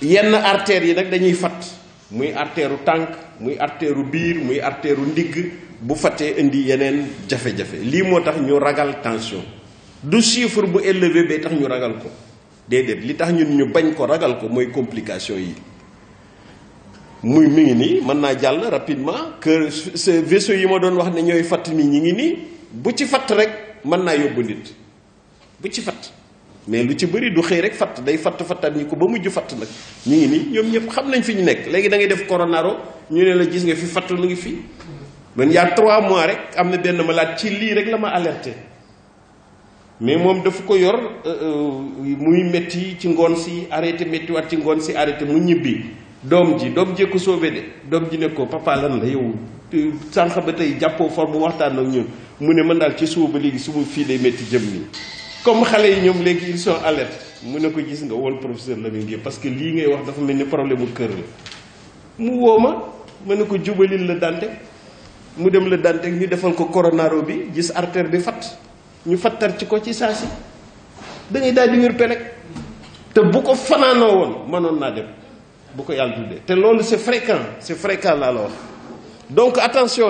yenn artères yi nag dañuy fat muy arteeru tànk muy arteeru biir muy arteeru ndigg bu fattee indi yeneen jafe-jafe lii moo tax ñu ragal tension du chiffre bu élevé bee tax ñu ragal ko déedéet li tax ñun ñu bañ ko ragal ko mooy complication yi muy mu ngi nii mën naa jàll rapidement que ces vaisseaux yi ma doon wax ne ñooy fatt ni ñi ngi nii bu ci fatt rek mën naa yóbbu nit bu ci fatt mais lu ci bëri du xëy rek fatt day fatt fattat ñi ko ba mujj fatt nag ñu ngi nii ñoom ñëpp xam nañ fi ñu nekk léegi da ngay def coronaro ñu ne la gis nga fi fatt lu ngi fi man yaa trois mois rek am na benn malade ci lii rek la alerté mais moom dafa ko yor euh, euh, muy métti ci ngoon si arrêté métti waat ci ngoon si arrêté mu ñibbi doom ji doom jee ko sauvé de doom ji nekkoo ko papa la yow sànq ba tey jàppoo mu waxtaan ak ñun mu ne man daal ci suba ba léegi su mu fii day métti jëm nii comme xale yi ñoom léegi ils sont alertes mu ne ko gis nga wol professeur muy Gueye parce que lii ngay wax dafa mel ni problème mu kër la mu woo ma ma ne ko jubalil la Dantec mu dem la Dantec ñu defal ko coronaro bi gis artère bi fatt ñu fattar ci ko ci saa si da ngay daal di wér pelek te bu ko fanaanoo woon mënoon naa dem bu ko yàlla tuddee te loolu c'est fréquent c'est fréquent laa la wax donc attention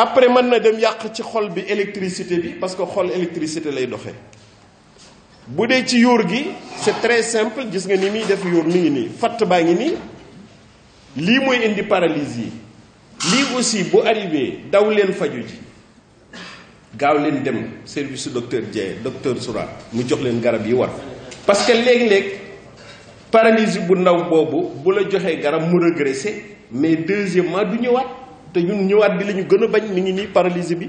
après mën na dem yàq ci xol bi électricité bi parce que xol électricité lay doxe bu dee ci yóor gi c'est très simple gis nga ni muy def yóor mi ngi nii fatt baa ngi nii lii mooy indi paralysie yi lii aussi bu arrivé daw leen faju ji gaaw leen dem service su docteur Dieye docteur Soura mu jox leen garab yi war parce que léeg-léeg paralysie bu ndaw boobu bu la joxee garab mu régressé mais deuxièmement du ñëwaat. te ñun ñëwaat bi la ñu gën a bañ mi ngi nii paralysie bi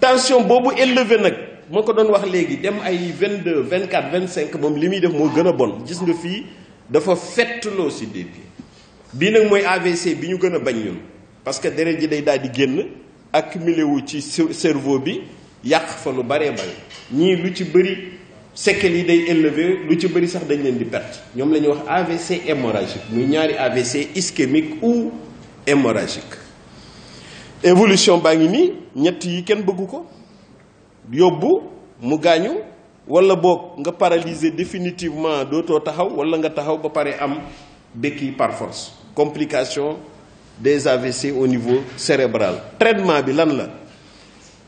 tension boobu élevé nag moo ko doon wax léegi dem ay 22 24 cinq moom li muy def moo gën a bon gis nga fii dafa fettloo si bi bii nag mooy AVC bi ñu gën a bañ ñun parce que deret ji day daal di génn accumulé wu ci cerveau bi yàq fa lu baree bari ñii lu ci bëri séquelles yi day élevé lu ci bëri sax dañ leen di perte ñoom la ñuy wax AVC hémorragique muy ñaari AVC ischémique ou hémorragique évolution baa ngi nii ñett yi kenn bëggu ko yóbbu mu gaañu wala boog nga paralyser définitivement dootoo taxaw wala nga taxaw ba pare am béquille par force complication des AVC au niveau cérébral traitement bi lan la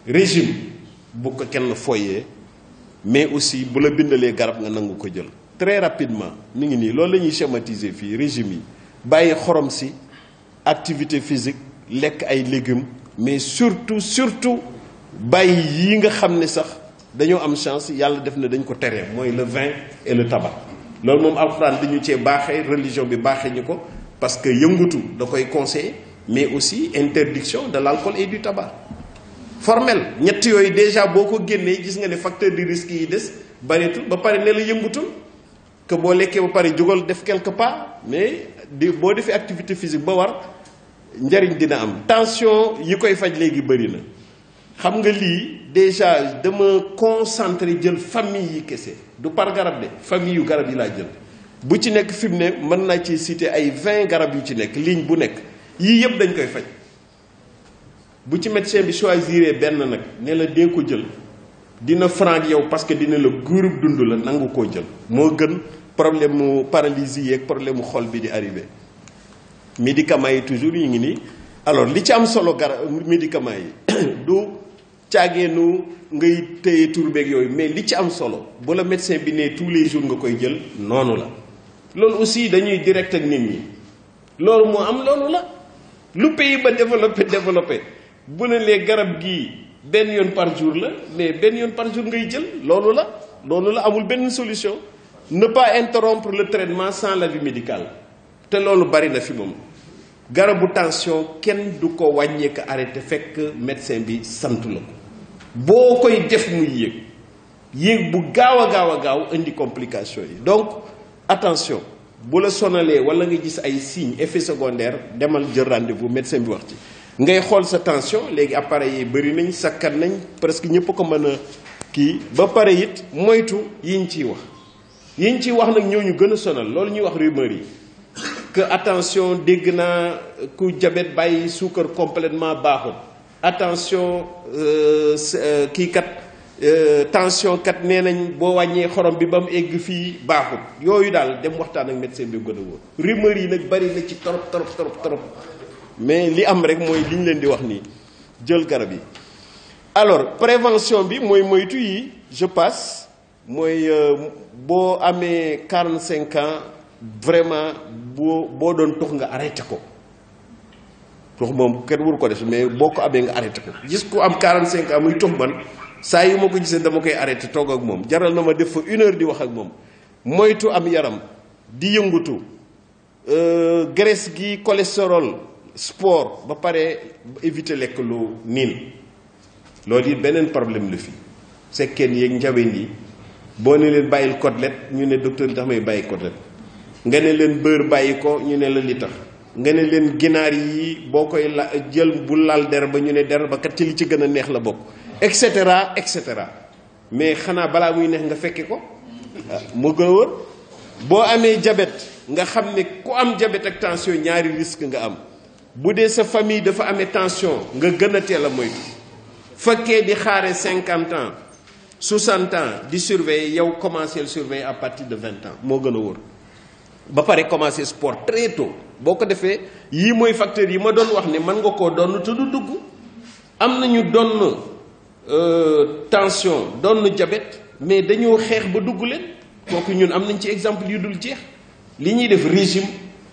régime bu ko kenn foyee mais aussi bu la bindalee garab nga nangu ko jël très rapidement mi ngi nii loolu la ñuy schématiser fii régime yi bàyyi xorom si activité physique lekk ay légumes mais surtout surtout bàyyi yi nga xam ne sax dañoo am chance yàlla def na dañ ko tere mooy le vin et le tabac loolu moom alxuraan dañu cee baaxee religion bi baaxee ñu ko parce que yëngatu da koy conseiller mais aussi interdiction de l'alcool et du tabac formel ñett yooyu déjà boo ko génnee gis nga ne facteur de risque yi des bareetul ba pare ne la yëngutul que boo lekkee ba pare jógal def quelque part mais di boo defee activité physique ba war njariñ dina am tension yi koy faj léegi bëri na xam nga lii déjà dama concentré jël famille yi kese du par garab de famille yu garab yi laa jël bu ci nekk fi ne mën naa ci citer ay vingt garab yu ci nekk ligne bu nekk yii yëpp dañ koy faj bu ci médecin bi choisir benn nag ne la dee ko jël dina franc yow parce que dina la guurub dund la nangu koo jël moo gën problème mu paralysie yeeg problème mu xol bi di arrivé médicaments yi toujours ñu ngi nii alors li ci am solo garab médicament yi du caageenu ngay téye tur beeg yooyu mais li ci am solo bu la médecin bi ne tous les jours nga koy jël noonu la. loolu aussi dañuy direct ak nit ñi loolu moo am loolu la lu pays ba développé développé bu ne lee garab gii benn yoon par jour la mais benn yoon par jour ngay jël loolu la loolu la amul benn solution ne pas interrompre le traitement sans l'avis médical te loolu bari na fi moom. garabu tension kenn du ko wàññee ko arrêté fekk médecin bi santu la ko boo koy def muy yéeg yéeg bu gaaw a gaaw a gaaw indi complication yi donc attention bu la sonalee wala nga gis ay signes effet secondaire demal jël rendez-vous médecin bi wax ci ngay xool sa tension léegi appareils yi bëri nañ sakkan nañ parce que ñëpp ko mën a kii ba pare it moytu yiñ ciy wax yi ñu ciy wax nag ñoo ñu gën a sonal loolu ñuy wax rumeur yi que attention dégg naa ku jabet bàyyi suukar complètement baaxul attention euh, euh, kii kat euh, tension kat nee nañ boo wàññee xorom bi ba mu egg fii baaxul yooyu daal dem waxtaan ak médecin bi gën a wóor rumeur yi nag bari na ci torop torop torop torop mais li am rek mooy li ñu leen di wax nii jël garab yi alors prévention bi mooy moytu yi je passe mooy boo amee quarante cinq ans vraiment boo boo doon tux nga arrêté ko tux moom kenn waru ko def mais boo ko amee nga arrêté ko gis ku am cinq ans muy tux man saa yu ma ko gisee dama koy arrêté toog ak moom jaral na ma def fa une di wax ak moom moytu am yaram di yëngutu euh, graisse gi cholestérol sport ba pare éviter lekk lu niin loolu it beneen problème la fi sekkeen yeeg njaween yi boo ne leen bàyyil côtelette ñu ne docteur li tax may bàyyi côtelette nga ne leen bër bàyyi ko ñu ne la li nga ne leen ginaar yi boo koy la jël bu laal der ba ñu ne der ba kat ci li ci gën a neex la bokk et cetera et cetera mais xanaa balaa muy neex nga fekke ko mu gën a wër boo amee jabet nga xam ne ku am jabet ak tension ñaari risque nga am bu dee sa famille dafa amee tension nga gën a teel a moytu fekkee di xaare cinquante ans soixante ans di surveiller yow commencer surveiller à partir de vingt ans moo gën a wër ba pare commencé sport très boo ko defee yii mooy facteurs yi ma doon wax ne mën nga koo doon te dugg am nañu doon euh, tension doon jabet mais dañoo xeex ba dugg leen kooku ñun am nañ ci exemple yu dul jeex li ñuy def régime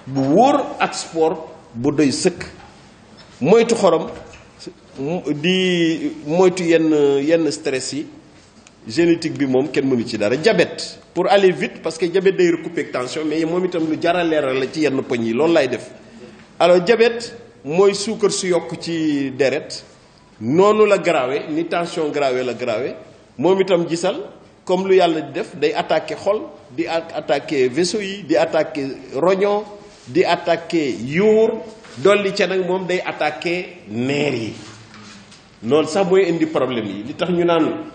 bu wóor ak sport bu doy sëkk moytu xorom di moytu yenn yenn stress yi génétique bi moom kenn mënu ci dara jabet pour aller vite parce que diabète day recouper ak tension mais moom itam lu jar la ci yenn poñ yi loolu lay def alors jabet mooy suukar su yokk ci deret noonu la grave ni tension grave la grave moom itam gisal comme lu yàlla di def day attaqué xol di attaqué vaisseau yi di attaqué roño di attaqué yuur dolli ca nag moom day attaqué neer yi loolu sax mooy indi problème yi li tax ñu naan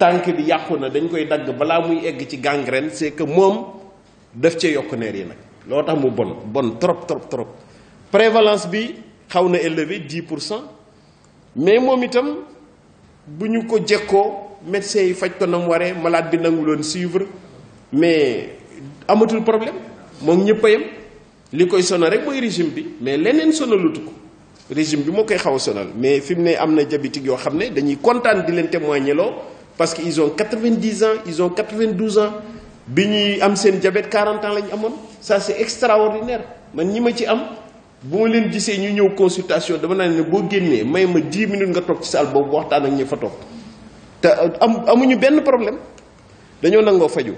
tànk bi yàqu na dañ koy dagg balaa muy egg ci gangrène c'est que moom def cee yokk neer yi nag loo tax mu bon bon trop trop trop prévalence bi xaw na élevé 10 pour cent mais moom itam bu ñu ko jekkoo médecin yi faj ko na mu waree malaat bi nangu loon suivre mais amatul problème moom ñëpp a yem li koy sonal rek mooy régime bi mais leneen sonalutu ko régime bi moo koy xaw a sonal mais fi mu ne am na diabétique yoo xam ne dañuy kontaan di leen témoigner loo parce que ils ont 90 ans ils ont 92 ans bi ñuy am seen jabet 40 ans la ñu amoon ça c'est extraordinaire man ñi ma ci am bu ma leen gisee ñu ñëw consultation dama naa ne boo génnee may ma 10 minutes nga toog ci saal boobu waxtaan ak ñi fa toog te euh, am amuñu benn problème dañoo nangoo faju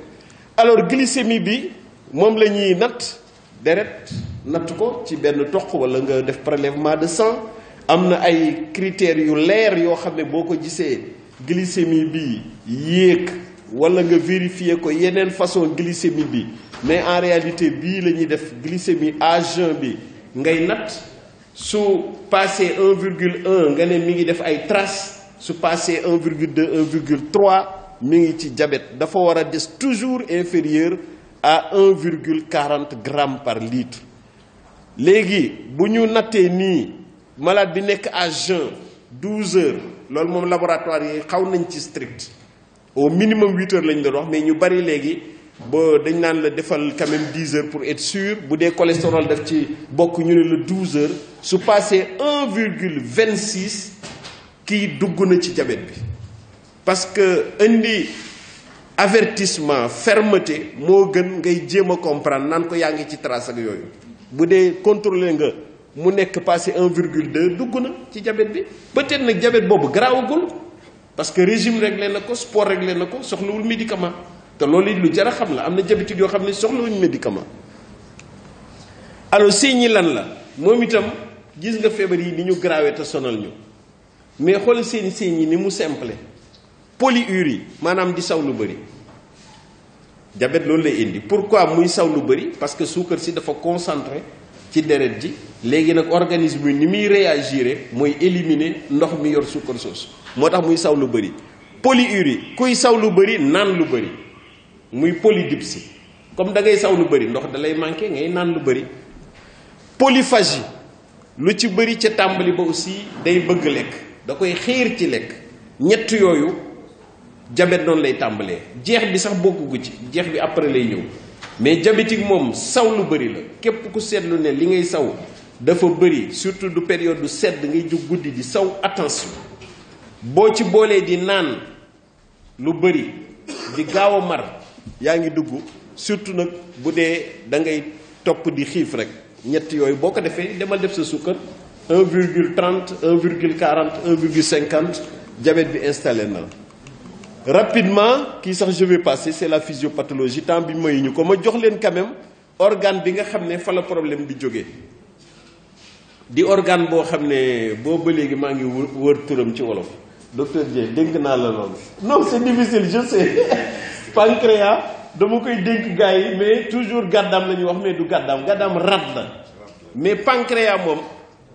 alors glycémie bi moom la ñuy natt deret natt ko ci benn toq wala nga def prélèvement de sang am na ay critères yu leer yoo xam ne boo ko gisee glycémie bi yéeg wala nga vérifier ko yeneen façon glycémie bi mais en réalité bii la ñuy def glycémie à jeun bi ngay natt su passé 1,1 nga ne mi ngi def ay traces su passé 1,2 1,3 mi ngi ci jabet dafa war a des toujours inférieur à 1,40 gramme par litre léegi bu ñu nattee nii malade bi nekk à jeun douze heures loolu moom laboratoire yi xaw nañ ci strict au minimum huit heures lañ doon wax mais ñu bari léegi ba dañ naan la defal quand même dix heures pour être sûr bu dee cholestérol def ci bokk ñu ne la douze heures su passé un virgule vingt six kii dugg na ci diabète bi parce que indi avertissement fermeté moo gën ngay jéem a comprendre naan ko yaa ngi ci trace yooyu bu dee contrôler nga mu nekk passé 1,2 dugg na ci diabète bi peut-être nag diabète boobu garaawagul parce que régime réglé na ko sport réglé na ko soxlawul médicament te loolu it lu jara xam la am na diabétique yoo xam ne soxlawuñ médicament. alors signes yi lan la moom itam gis nga feebar yi ni ñu graawe te sonal ñu mais xool seen signes yi ni mu simple polyurie maanaam di saw lu bëri. jabet loolu lay indi pourquoi muy saw lu bëri parce que suukar si dafa concentré. ci deret ji léegi nag organisme yi ni muy réagir mooy éliminer ndox mi yor suukar soosu moo tax muy saw lu bëri polyurie kuy saw lu bëri naan lu bëri muy si comme da ngay saw lu bëri ndox da lay manqué ngay naan lu bëri polyphagie lu ci bëri ca tàmbali ba aussi day bëgg lekk da koy xiir ci lekk ñett yooyu jabet noonu lay tàmbalee jeex bi sax bokku gu ci jeex bi après lay ñëw mais diabétique moom saw lu bëri la képp ku seetlu ne li ngay saw dafa bëri surtout du période du sedd ngay jug guddi di saw attention boo ci boolee di naan lu bëri di gaaw a mar yaa ngi dugg surtout nag bu dee da ngay topp di xiif rek ñett yooyu boo ko defee demal def sa sukkar 1 virgule 30 un virgule quarante un virgule cinquante jabet bi installé na la rapidement kii sax je vais passer c'est la physiopathologie temps bi mayu ñu ko ma jox leen quand même organe bi nga xam ne fa la problème bi jógee di organe boo xam ne boobu léegi maa ngi wër turam ci wolof docteur Dieye dénk naa la loolu non c'est difficile je sais pancréas dama koy dénk gars yi mais toujours gàddaam la ñuy wax mais du gàddaam gàddaam rat la mais pancréas moom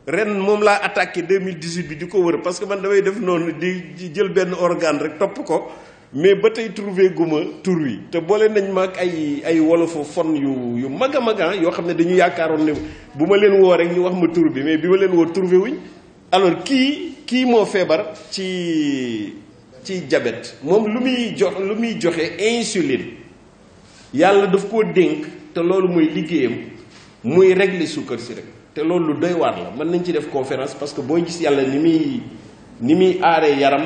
ren moom laa attaqué 2018 bi di ko wër parce que man damay def noonu di jël benn organe rek topp ko mais ba tey trouvé guma tur wi te boole nañ ma ak ay ay wolofu fon yu yu mag a mag yoo xam ne dañu yaakaaroon ne bu ma leen woo rek ñu wax ma tur bi mais bi ma leen woo trouvé wuñ alors kii kii moo feebar ci ci jabet moom lu muy jox lu muy joxe insuline yàlla daf koo dénk te loolu mooy liggéeyam muy régler suukar si rek. te loolu lu doy waar la mën nañ ci def conférence parce que booy gis yàlla ni muy ni muy aaree yaram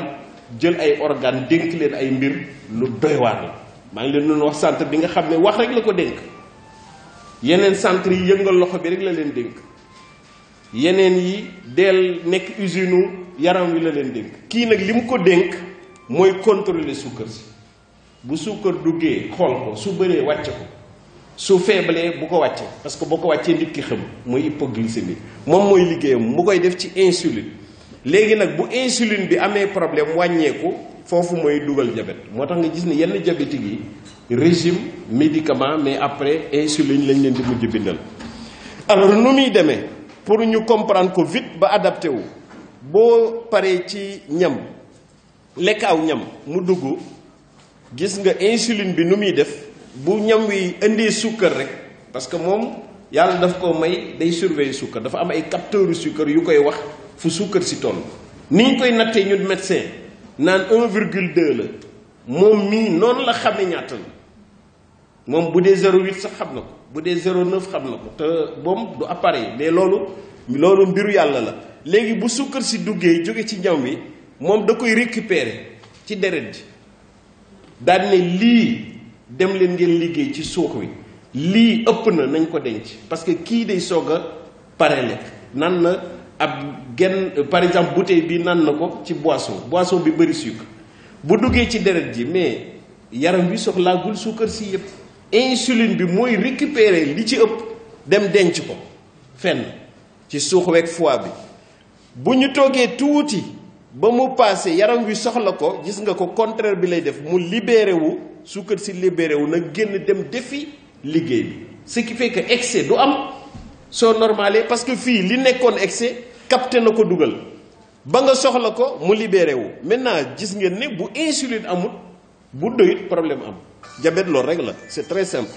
jël ay organe dénk leen ay mbir lu doy waar la maa ngi leen doon wax centre bi nga xam ne wax rek la ko dénk yeneen centre yi yëngal loxo bi rek la leen dénk yeneen yi deel nekk usine yaram wi la leen dénk kii nag li mu ko dénk mooy contrôler suukar si bu suukar duggee xool ko su bëree wàcc ko su feebalee bu ko wàccee parce que boo ko wàccee nit ki xam mooy hypoglycémie moom mooy liggéeyam mu koy def ci insuline léegi nag bu insuline bi amee problème wàññeeku foofu mooy dugal diabète moo tax nga gis ni yenn diabétique yi régime médicament mais après insuline lañ leen di mujj bindal. alors nu muy demee pour ñu comprendre ko vite ba adapté wu boo paree ci ñam lekk aw ñam mu dugg gis nga insuline bi nu muy def. bu ñam wi indee suukar rek parce que moom yàlla daf ko may day surveiller suukar dafa am ay capteurs sukkar yu koy wax fu sukkar si toll ni ñu koy nattee ñun médecin naan 1,2 la moom mii noonu la xamee ñaata moom bu dee 0,8 sax xam na ko bu dee 0,9 xam na ko te moom du appareil mais loolu loolu mbiru yàlla la léegi bu sukkar si duggee jóge ci ñam wi moom da koy récupérer ci deret ji daan lii dem leen ngeen liggéey ci suux wi lii ëpp na nañ ko denc parce que kii day soog a pare lekk nan na ab genn par exemple bouteille bi nan na ko ci boisson boisson bi bëri sucre bu duggee ci deret ji mais yaram bi soxlaagul suukar si yëpp insuline bi mooy récupérer li ci ëpp dem denc ko fenn ci suux week fois bi bu ñu toogee tuuti ba mu paase yaram wi soxla ko gis nga ko contraire bi lay def mu libéré suukar si libéré wu na génn dem defi liggéey bi ce qui excès du am soo normalé parce que fii li nekkoon excès capté na ko dugal ba nga soxla ko mu libéré wu maintenant gis ngeen ne bu insuline amul bu doyit problème am jabet loolu rek la c'est très simple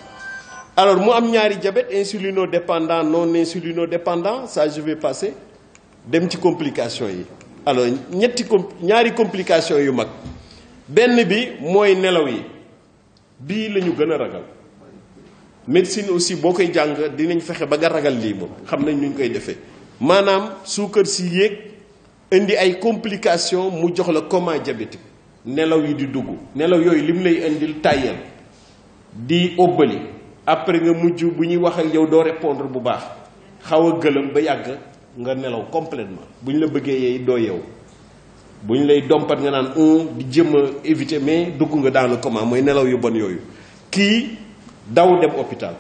alors mu am ñaari jabet insulino dépendant non insulino dépendant ça je vais passer dem ci complication yi alors ñetti com ñaari complication yu mag benn bi mooy nelaw yi bii la ñu gën a ragal médecine aussi boo koy jàng dinañ fexe ba nga ragal lii moom xam nañ nu ñu koy defee maanaam suukar si yéeg indi ay complications mu jox la coma diabétique nelaw yi di dugg nelaw yooyu lim lay indil tàyyal di óbbali après nga mujj bu ñuy wax ak yow doo répondre bu baax xaw a gëlëm ba yàgg nga nelaw complètement bu ñu la bëggee yeey doo yow bu ñu lay dompat nga naan un di jëm a mais dugg nga daanu comment mooy nelaw yu bon yooyu kii daw dem hôpital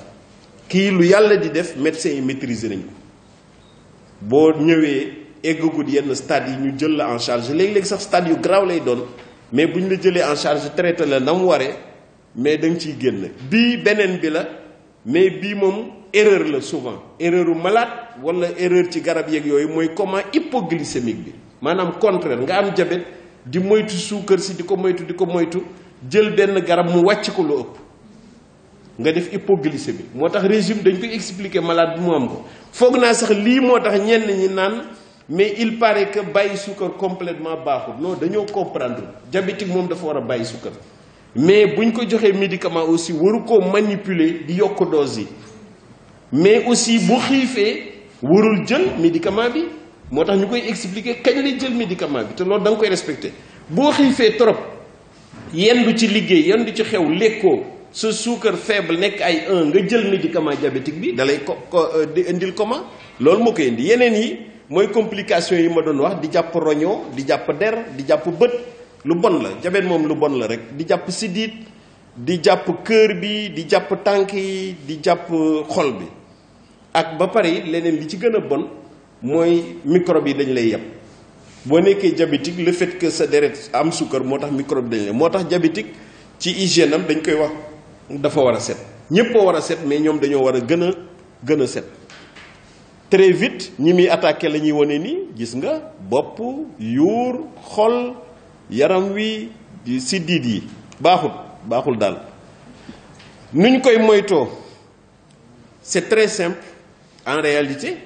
kii lu yàlla di def médecin yi maîtriser nañ ko boo ñëwee eggagul yenn stade yi ñu jël la en charge léegi-léegi sax stade yu garaaw lay doon mais bu ñu la jëlee en charge traité la na waree mais da nga ciy génn bii beneen bi la mais bii moom erreur la souvent erreur u malade wala erreur ci garab yeeg yooyu mooy coma hypoglycémique bi maanaam contraire nga am diabète di moytu suukar si di ko moytu di ko moytu jël benn garab mu wàcc ko loo ëpp nga def hypoglycémie moo tax régime dañ koy expliquer malade bi mu am ko foog naa sax lii moo tax ñenn ñi naan mais il paraît que bàyyi suukar completement baaxul non dañoo comprendre diabétique moom dafa war a bàyyi suukar mais bu ñu ko joxee médicament aussi waru koo manipuler di yokk dose yi mais aussi bu xiifee warul jël médicament bi moo tax ñu koy expliquer kañ lay jël médicament bi te loolu da koy respecté boo xiifee trop yendu ci liggéey yendu ci xew lekkoo sa suukar faible nekk ay 1 nga jël médicament diabétique bi dalay ko di indil comment loolu moo koy indi yeneen yi mooy complication yi ma doon wax di jàpp roñoo di jàpp der di jàpp bët lu bon la jabet moom lu bon la rek di jàpp siddiit di jàpp kër bi di jàpp tànk yi di jàpp xol bi ak ba pare leneen li ci gën a bon mooy microbe yi dañ lay yeb boo nekkee diabétique le fait que sa deret am sukkar moo tax microbe dañ lay moo tax diabétique ci hygiène dañ koy wax dafa war a set ñëpp a war a set mais ñoom dañoo war a gën a gën a set très vite ñi muy attaque la ñuy wane ni gis nga bopp yuur xol yaram wi siddiit yi baaxul baaxul daal nuñ koy moytoo c'est très simple en réalité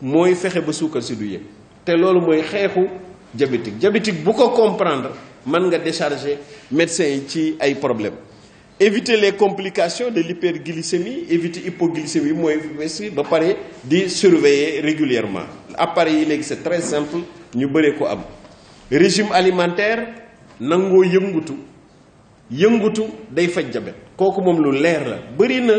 mooy fexe ba suukar si du yëg te loolu mooy xeexu diabétique diabétique bu ko comprendre man nga décharger médecin yi ci ay problème éviter les complications de l'hyperglycémie éviter hypoglycémie mooy wesi ba pare di surveiller régulièrement appareil yi léegi c'est très simple ñu bëree ko am régime alimentaire nangoo yëngutu yëngutu day faj diabète kooku moom lu leer la bëri na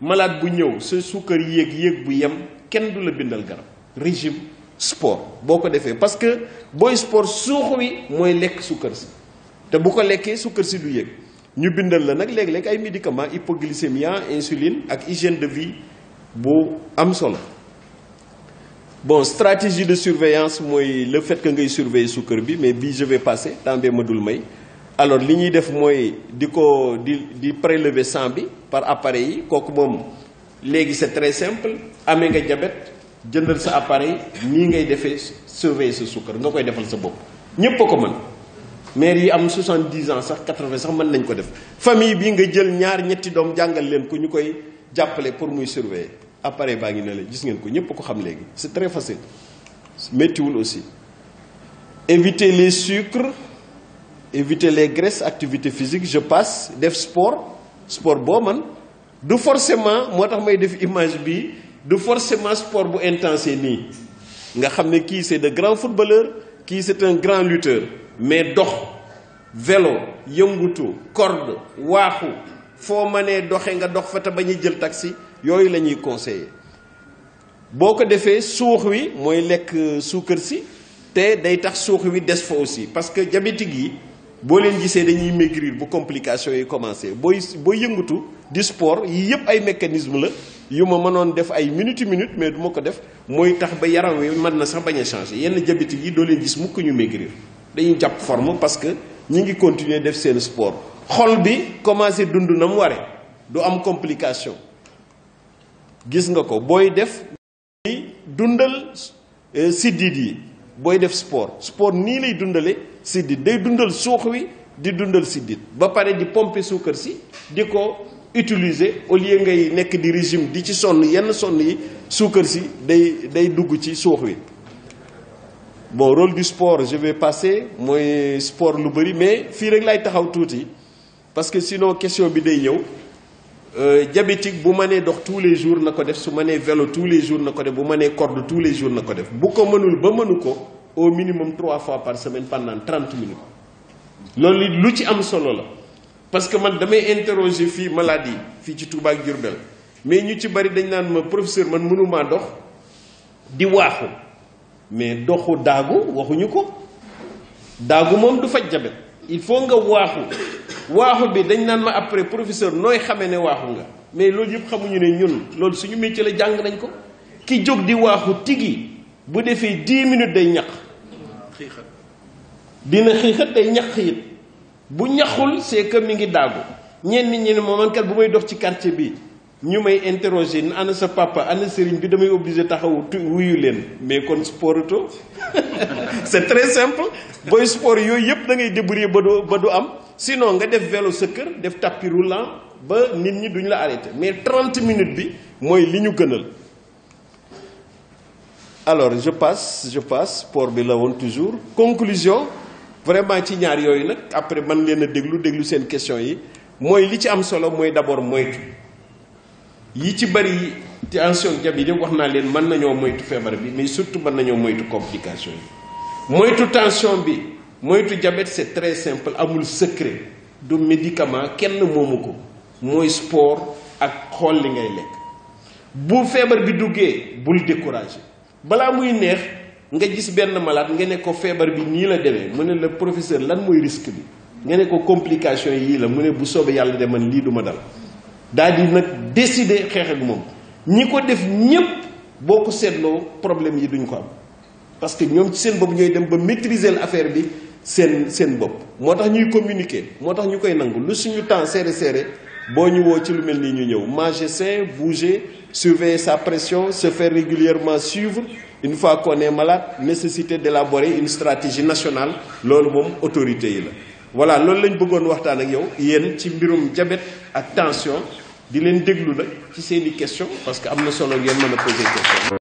malade bu ñëw sa suukar yéeg yéeg bu yem kenn du la bindal garab régime sport boo ko defee parce que booy sport suux wi mooy lekk sukkar si te bu ko lekkee sukkar si du yëg ñu bindal la nag léeg-léeg ay médicaments hypoglycémia insuline ak hygiène de vie bu am solo bon stratégie de surveillance mooy le fait que ngay surveiller sukkar bi mais bi je vais passer temps bee ma dul may alors li ñuy def mooy di ko di di prélever sang bi par appareil yi kooku moom léegi c'est très simple amee nga diabète jëndal sa appareil nii ngay defee surveiller sa sukkar nga koy defal sa bopp ñépp a ko man maire yi am 70 ans sax 80 sax mën nañ ko def famille bi nga jël ñaar ñetti doom jàngal leen ko ñu koy jàppale pour muy surveiller appareil baa ngi ne la gis ngeen ko ñépp ko xam léegi c'est très facile méttiwul aussi éviter les sucres invité les graisses activité physique je passe def sport sport boo man du forcément moo tax may def image bi du forcément sport bu intense nii nga xam ne kii c'est de grand footballeur kii c'est un grand lutteur mais dox velo yëngutu corde waaxu foo mënee doxe nga dox fa te ba ñuy jël taxi yooyu la ñuy conseiller boo ko defee suux wi mooy lekk suukar si te day tax suux wi des fa aussi parce que diabétique yi boo leen gisee dañuy maigrir bu complication yi commencé booy booy yëngutu di sport yii yëpp ay mécanisme la yu ma mënoon def ay minute minute mais du ko def mooy tax ba yaram wi mën na sax bañ a changer yenn diabétique yi doo leen gis mukk ñu maigrir dañuy jàpp forme parce que ñi ngi continuer def seen sport xol bi commencé dund na mu ware du am complication gis nga ko booy def dundal euh, siddit yi booy def sport sport nii lay dundale siddit day dundal suux wi di dundal siddit ba pare di pompe suukar si di ko utiliser au lieu ngay nekk di régime di ci sonn yenn sonn yi suukar si day day dugg ci suux wi bon rôle du sport je vais passer mooy sport lu bari mais fii rek lay taxaw tuuti parce que sinon question bi day ñëw euh, diabétique bu mënee dox tous les jours na ko def su mënee vélo tous les jours na ko def bu nee corde tous les jours na ko def bu ko mënul ba mënu ko au minimum trois fois par semaine pendant trente minutes loolu lu ci am solo la parce que man damay interroger fii malade fii ci Touba ak mais ñu ci bari dañ naan ma professeur man mënumaa dox di waaxu mais doxu daagu waxuñu ko daagu moom du faj jabet il faut nga waaxu waaxu bi dañ naan ma après professeur nooy xamee ne waaxu nga mais loolu yëpp xamuñu ne ñun loolu suñu métier la jàng nañ ko ki jóg di waaxu tigi bu defee dix minutes day ñax dina xiixat day ñaq it bu ñaxul c'est que mi ngi daagu ñenn ñi ne moom man kat bu may dox ci quartier bi ñu may interroger ana sa papa ana sëriñ bi damay obligé taxaw wuyu leen mais kon sporto c'est très simple booy sport yooyu yëpp da ngay débrouiller ba du ba du am sinon nga def velo sa kër def tapis roulant ba nit ñi duñu la arrêté mais 30 minutes bi mooy li ñu gënal. alors je passe je passe sport bi la woon toujours conclusion. vraiment ci ñaar yooyu nag après man leen a déglu déglu seen question yi mooy li ci am solo mooy d'abord moytu yi ci bari tension jab yi yëpp wax naa leen mën nañoo moytu feebar bi mais surtout mën nañoo moytu complication yi moytu tension bi moytu diabète c'est très simple amul secret du médicament kenn moomu ko mooy sport ak xool li ngay lekk bu feebar bi duggee bul décourager balaa muy neex nga gis benn malade nga ne ko feebar bi nii la demee mu ne la professeur lan mooy risque bi nga ne ko complication yii la mu ne bu soobee yàlla de man lii du ma dal daal di nag décider xeex ak moom ñi ko def ñépp boo ko seetloo problème yi duñu ko am parce que ñoom ci seen bopp ñooy dem ba maîtriser affaire bi seen seen bopp moo tax ñuy communiqué moo tax ñu koy nangu lu suñu temps serré serré boo ñu woo ci lu mel nii ñu ñëw manger sain bouger surveiller sa pression se une fois qu'on est malade nécessité d'élaborer une stratégie nationale loolu moom autorité yi la voilà loolu lañ bëggoon waxtaan ak yow yéen ci mbirum jabet ak tension di leen déglu la ci seen i question parce que am na solo ngeen mën a poser question